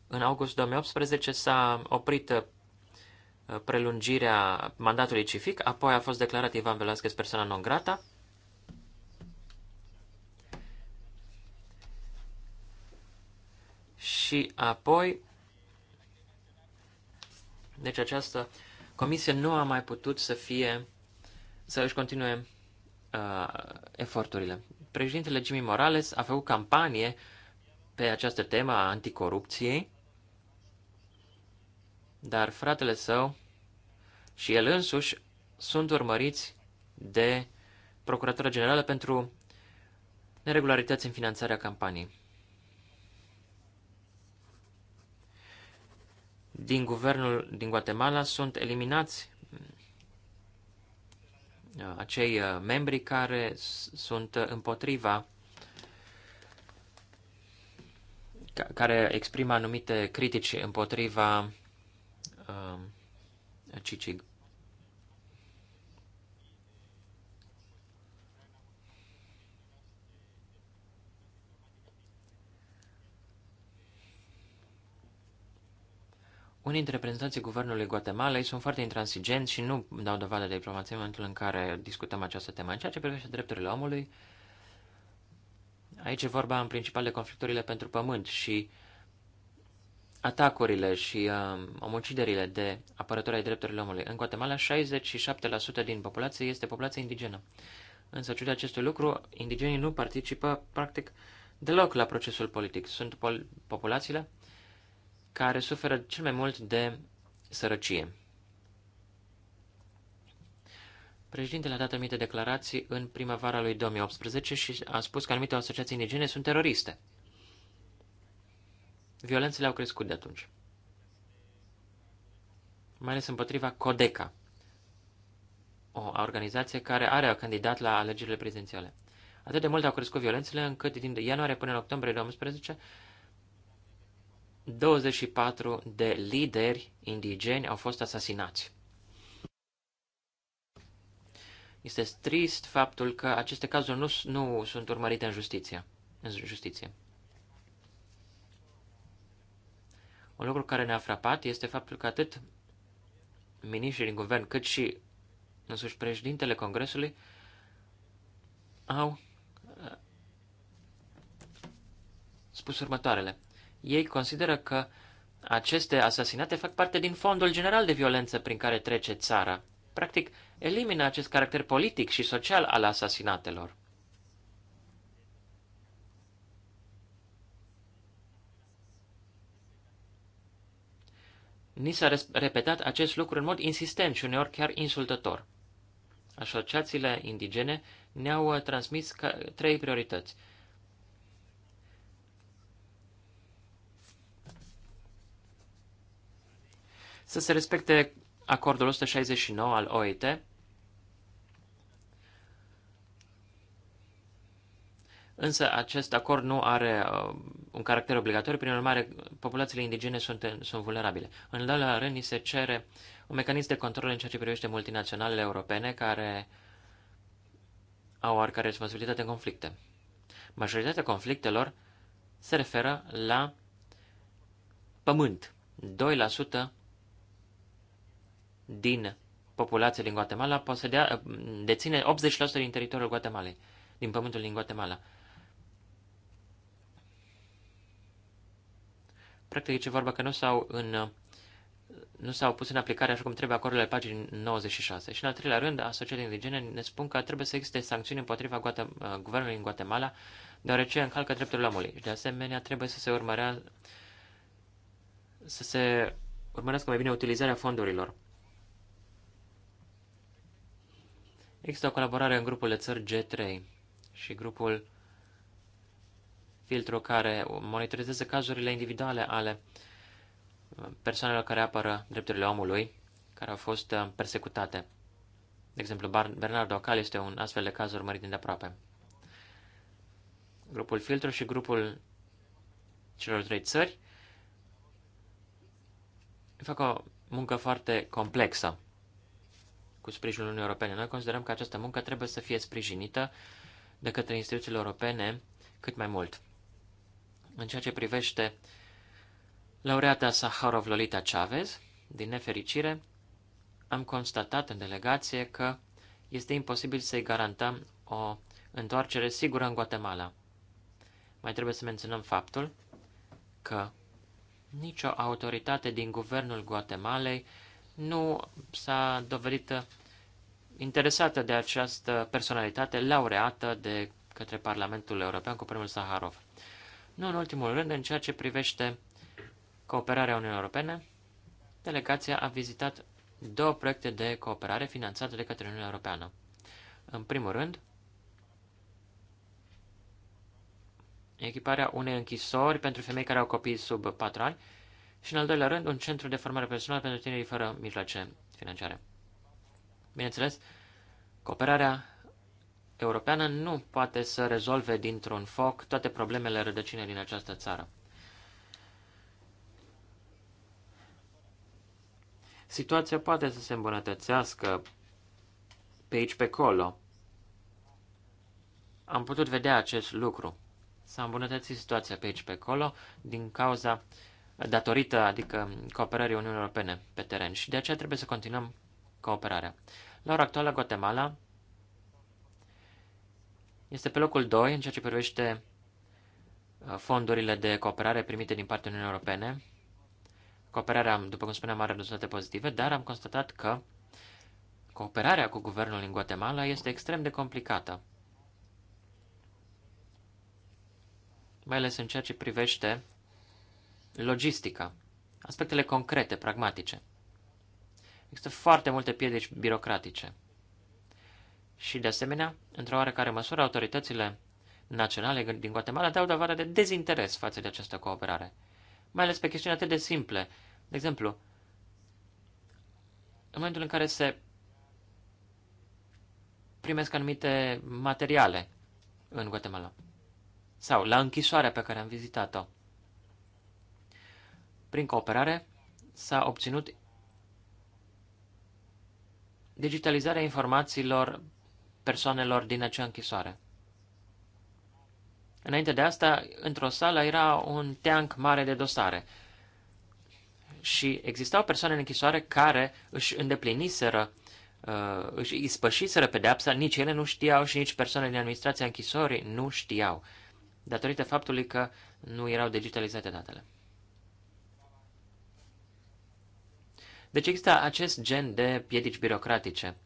În august 2018 s-a oprit uh, prelungirea mandatului civic, apoi a fost declarat Ivan Velasquez persoana non grata. Și apoi, deci această uh, Comisia nu a mai putut să fie, să își continue uh, eforturile. Președintele Jimmy Morales a făcut campanie pe această temă a anticorupției, dar fratele său și el însuși sunt urmăriți de Procuratura Generală pentru neregularități în finanțarea campaniei. din guvernul din Guatemala sunt eliminați uh, acei uh, membri care sunt împotriva, care exprimă anumite critici împotriva uh, CICIG. Unii dintre reprezentanții guvernului Guatemalei sunt foarte intransigenți și nu dau dovadă de diplomație în momentul în care discutăm această temă. În ceea ce privește drepturile omului, aici e vorba în principal de conflicturile pentru pământ și atacurile și um, omuciderile de apărători ai drepturilor omului. În Guatemala, 67% din populație este populație indigenă. Însă, ciuda acestui lucru, indigenii nu participă practic deloc la procesul politic. Sunt pol- populațiile care suferă cel mai mult de sărăcie. Președintele a dat anumite declarații în primăvara lui 2018 și a spus că anumite asociații indigene sunt teroriste. Violențele au crescut de atunci. Mai ales împotriva Codeca, o organizație care are candidat la alegerile prezidențiale. Atât de mult au crescut violențele încât din ianuarie până în octombrie 2018 24 de lideri indigeni au fost asasinați. Este trist faptul că aceste cazuri nu, nu sunt urmărite în justiție. În justiție. Un lucru care ne-a frapat este faptul că atât miniștrii din guvern, cât și însuși președintele Congresului au uh, spus următoarele. Ei consideră că aceste asasinate fac parte din fondul general de violență prin care trece țara. Practic, elimină acest caracter politic și social al asasinatelor. Ni s-a repetat acest lucru în mod insistent și uneori chiar insultător. Asociațiile indigene ne-au uh, transmis trei priorități – să se respecte acordul 169 al OIT, Însă acest acord nu are uh, un caracter obligatoriu, prin urmare, populațiile indigene sunt, sunt vulnerabile. În doilea rând, ni se cere un mecanism de control în ceea ce privește multinaționalele europene care au oricare responsabilitate în conflicte. Majoritatea conflictelor se referă la pământ din populația din Guatemala posedea, deține 80% din teritoriul Guatemalei, din pământul din Guatemala. Practic, ce vorba că nu s-au în nu s-au pus în aplicare așa cum trebuie acordurile paginii 96. Și în al treilea rând, asociații indigene ne spun că trebuie să existe sancțiuni împotriva Guatem- guvernului în Guatemala, deoarece încalcă drepturile omului. Și de asemenea, trebuie să se urmărească, să se urmărească mai bine utilizarea fondurilor. Există o colaborare în grupul de țări G3 și grupul filtru care monitorizează cazurile individuale ale persoanelor care apără drepturile omului, care au fost uh, persecutate. De exemplu, Bernardo Cal este un astfel de caz urmărit de aproape. Grupul filtru și grupul celor trei țări fac o muncă foarte complexă cu sprijinul Uniunii Europene. Noi considerăm că această muncă trebuie să fie sprijinită de către instituțiile europene cât mai mult. În ceea ce privește laureata Saharov Lolita Chavez, din nefericire, am constatat în delegație că este imposibil să-i garantăm o întoarcere sigură în Guatemala. Mai trebuie să menționăm faptul că nicio autoritate din guvernul Guatemalei nu s-a dovedit interesată de această personalitate laureată de către Parlamentul European cu primul Saharov. Nu în ultimul rând, în ceea ce privește cooperarea Uniunii Europene, delegația a vizitat două proiecte de cooperare finanțate de către Uniunea Europeană. În primul rând, echiparea unei închisori pentru femei care au copii sub 4 ani și, în al doilea rând, un centru de formare personală pentru tinerii fără mijloace financiare. Bineînțeles, cooperarea europeană nu poate să rezolve dintr-un foc toate problemele rădăcine din această țară. Situația poate să se îmbunătățească pe aici, pe acolo. Am putut vedea acest lucru. S-a îmbunătățit situația pe aici, pe acolo, din cauza uh, datorită, adică cooperării Uniunii Europene pe teren și de aceea trebuie să continuăm cooperarea. La ora actuală, Guatemala este pe locul 2 în ceea ce privește uh, fondurile de cooperare primite din partea Uniunii Europene. Cooperarea, după cum spuneam, are rezultate pozitive, dar am constatat că cooperarea cu guvernul din Guatemala este extrem de complicată. Mai ales în ceea ce privește Logistica. Aspectele concrete, pragmatice. Există foarte multe piedici birocratice. Și, de asemenea, într-o oarecare măsură, autoritățile naționale din Guatemala dau dovadă de dezinteres față de această cooperare, mai ales pe chestiuni atât de simple. De exemplu, în momentul în care se primesc anumite materiale în Guatemala sau la închisoarea pe care am vizitat-o, prin cooperare s-a obținut digitalizarea informațiilor persoanelor din acea închisoare. Înainte de asta, într-o sală era un teanc mare de dosare. Și existau persoane în închisoare care își îndepliniseră, uh, își ispășiseră pedeapsa, nici ele nu știau și nici persoanele din administrația închisorii nu știau, datorită faptului că nu erau digitalizate datele. Deci există acest gen de piedici birocratice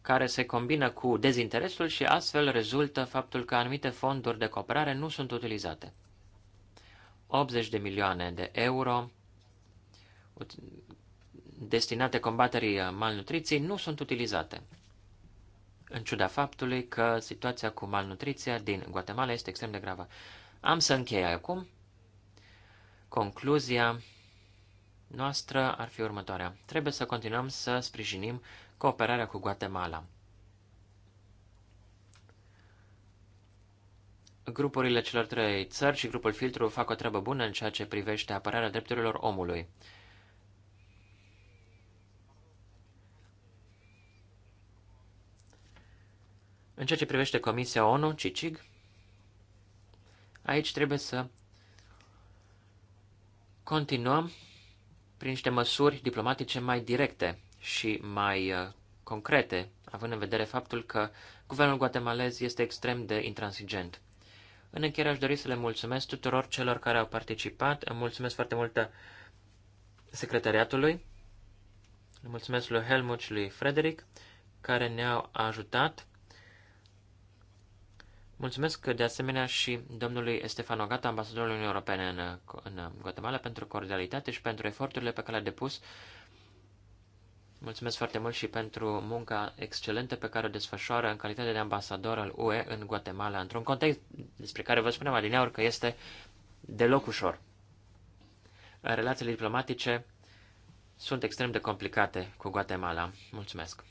care se combină cu dezinteresul și astfel rezultă faptul că anumite fonduri de cooperare nu sunt utilizate. 80 de milioane de euro destinate combaterii malnutriției nu sunt utilizate, în ciuda faptului că situația cu malnutriția din Guatemala este extrem de gravă. Am să închei acum. Concluzia noastră ar fi următoarea. Trebuie să continuăm să sprijinim cooperarea cu Guatemala. Grupurile celor trei țări și grupul filtru fac o treabă bună în ceea ce privește apărarea drepturilor omului. În ceea ce privește Comisia ONU, CICIG, aici trebuie să continuăm prin niște măsuri diplomatice mai directe și mai uh, concrete, având în vedere faptul că guvernul guatemalez este extrem de intransigent. În încheiere aș dori să le mulțumesc tuturor celor care au participat, îmi mulțumesc foarte mult uh, secretariatului, îmi mulțumesc lui Helmut și lui Frederic, care ne-au ajutat Mulțumesc de asemenea și domnului Estefano Gata, ambasadorul Uniunii Europene în, în Guatemala, pentru cordialitate și pentru eforturile pe care le-a depus. Mulțumesc foarte mult și pentru munca excelentă pe care o desfășoară în calitate de ambasador al UE în Guatemala, într-un context despre care vă spunem adineauri că este deloc ușor. Relațiile diplomatice sunt extrem de complicate cu Guatemala. Mulțumesc!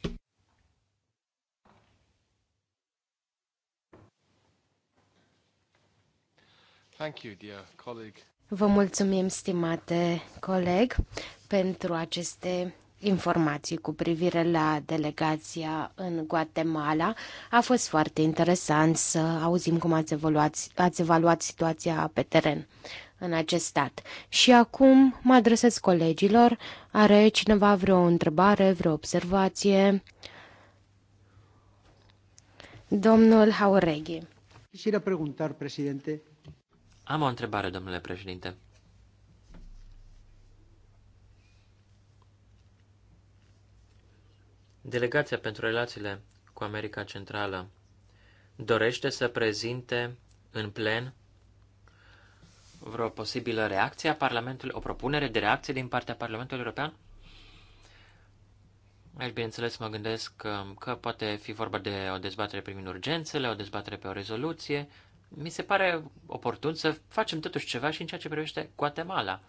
Vă mulțumim, stimate coleg, pentru aceste informații cu privire la delegația în Guatemala. A fost foarte interesant să auzim cum ați evaluat, ați evaluat situația pe teren în acest stat. Și acum mă adresez colegilor. Are cineva vreo întrebare, vreo observație? Domnul Haureghi. Quisiera preguntar, presidente, am o întrebare, domnule președinte. Delegația pentru relațiile cu America Centrală dorește să prezinte în plen vreo posibilă reacție a Parlamentului, o propunere de reacție din partea Parlamentului European? Aici, bineînțeles, mă gândesc că, că poate fi vorba de o dezbatere privind urgențele, o dezbatere pe o rezoluție mi se pare oportun să facem totuși ceva și în ceea ce privește Guatemala.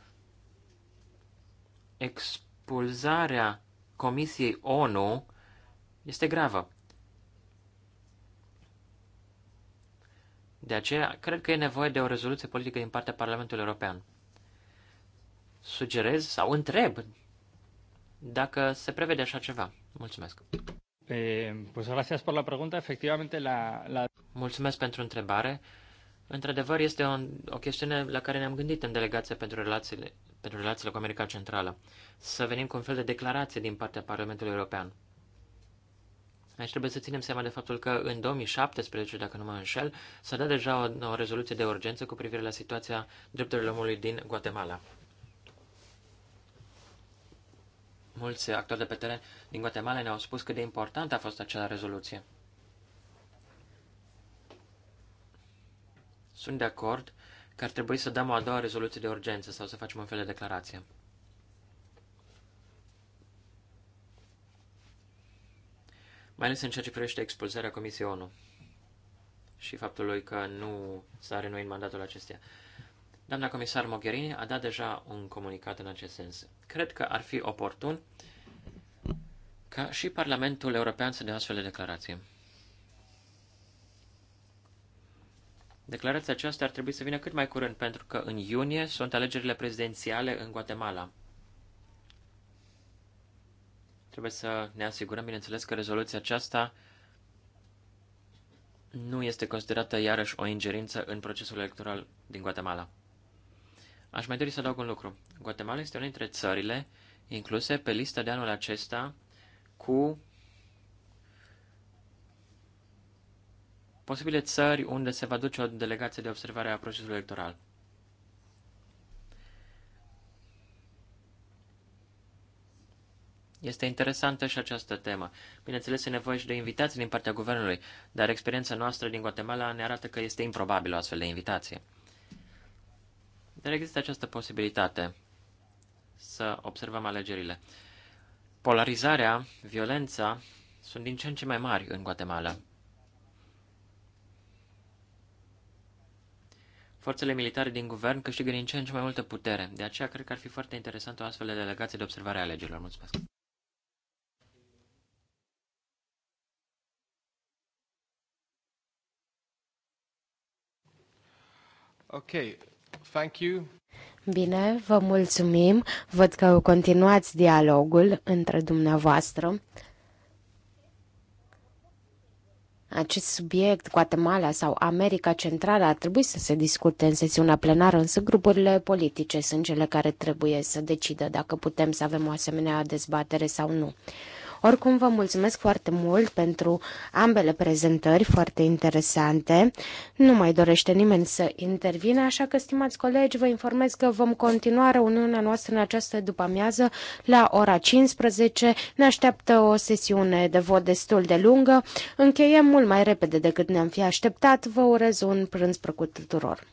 Expulzarea Comisiei ONU este gravă. De aceea, cred că e nevoie de o rezoluție politică din partea Parlamentului European. Sugerez sau întreb dacă se prevede așa ceva. Mulțumesc. Eh, pues gracias por la pregunta. Efectivamente, la, la... Mulțumesc pentru întrebare. Într-adevăr, este o, o chestiune la care ne-am gândit în delegația pentru relațiile, pentru relațiile cu America Centrală. Să venim cu un fel de declarație din partea Parlamentului European. Aici trebuie să ținem seama de faptul că în 2017, dacă nu mă înșel, s-a dat deja o, o rezoluție de urgență cu privire la situația drepturilor omului din Guatemala. Mulți actori de pe teren din Guatemala ne-au spus cât de importantă a fost acea rezoluție. Sunt de acord că ar trebui să dăm o a doua rezoluție de urgență sau să facem un fel de declarație. Mai ales în ceea ce privește expulzarea Comisiei ONU și lui că nu s-a renuit mandatul acesteia. Doamna comisar Mogherini a dat deja un comunicat în acest sens. Cred că ar fi oportun ca și Parlamentul European să dea astfel de declarație. Declarația aceasta ar trebui să vină cât mai curând, pentru că în iunie sunt alegerile prezidențiale în Guatemala. Trebuie să ne asigurăm, bineînțeles, că rezoluția aceasta nu este considerată iarăși o ingerință în procesul electoral din Guatemala. Aș mai dori să adaug un lucru. Guatemala este una dintre țările incluse pe lista de anul acesta cu posibile țări unde se va duce o delegație de observare a procesului electoral. Este interesantă și această temă. Bineînțeles, e nevoie și de invitații din partea guvernului, dar experiența noastră din Guatemala ne arată că este improbabil o astfel de invitație. Dar există această posibilitate să observăm alegerile. Polarizarea, violența sunt din ce în ce mai mari în Guatemala. Forțele militare din guvern câștigă din ce în ce mai multă putere. De aceea cred că ar fi foarte interesant o astfel de delegație de observare a alegerilor. Mulțumesc! Okay, Thank you. Bine, vă mulțumim. Văd că continuați dialogul între dumneavoastră. Acest subiect, Guatemala sau America Centrală, ar trebui să se discute în sesiunea plenară, însă grupurile politice sunt cele care trebuie să decidă dacă putem să avem o asemenea dezbatere sau nu. Oricum, vă mulțumesc foarte mult pentru ambele prezentări foarte interesante. Nu mai dorește nimeni să intervine, așa că, stimați colegi, vă informez că vom continua reuniunea noastră în această după-amiază la ora 15. Ne așteaptă o sesiune de vot destul de lungă. Încheiem mult mai repede decât ne-am fi așteptat. Vă urez un prânz plăcut tuturor!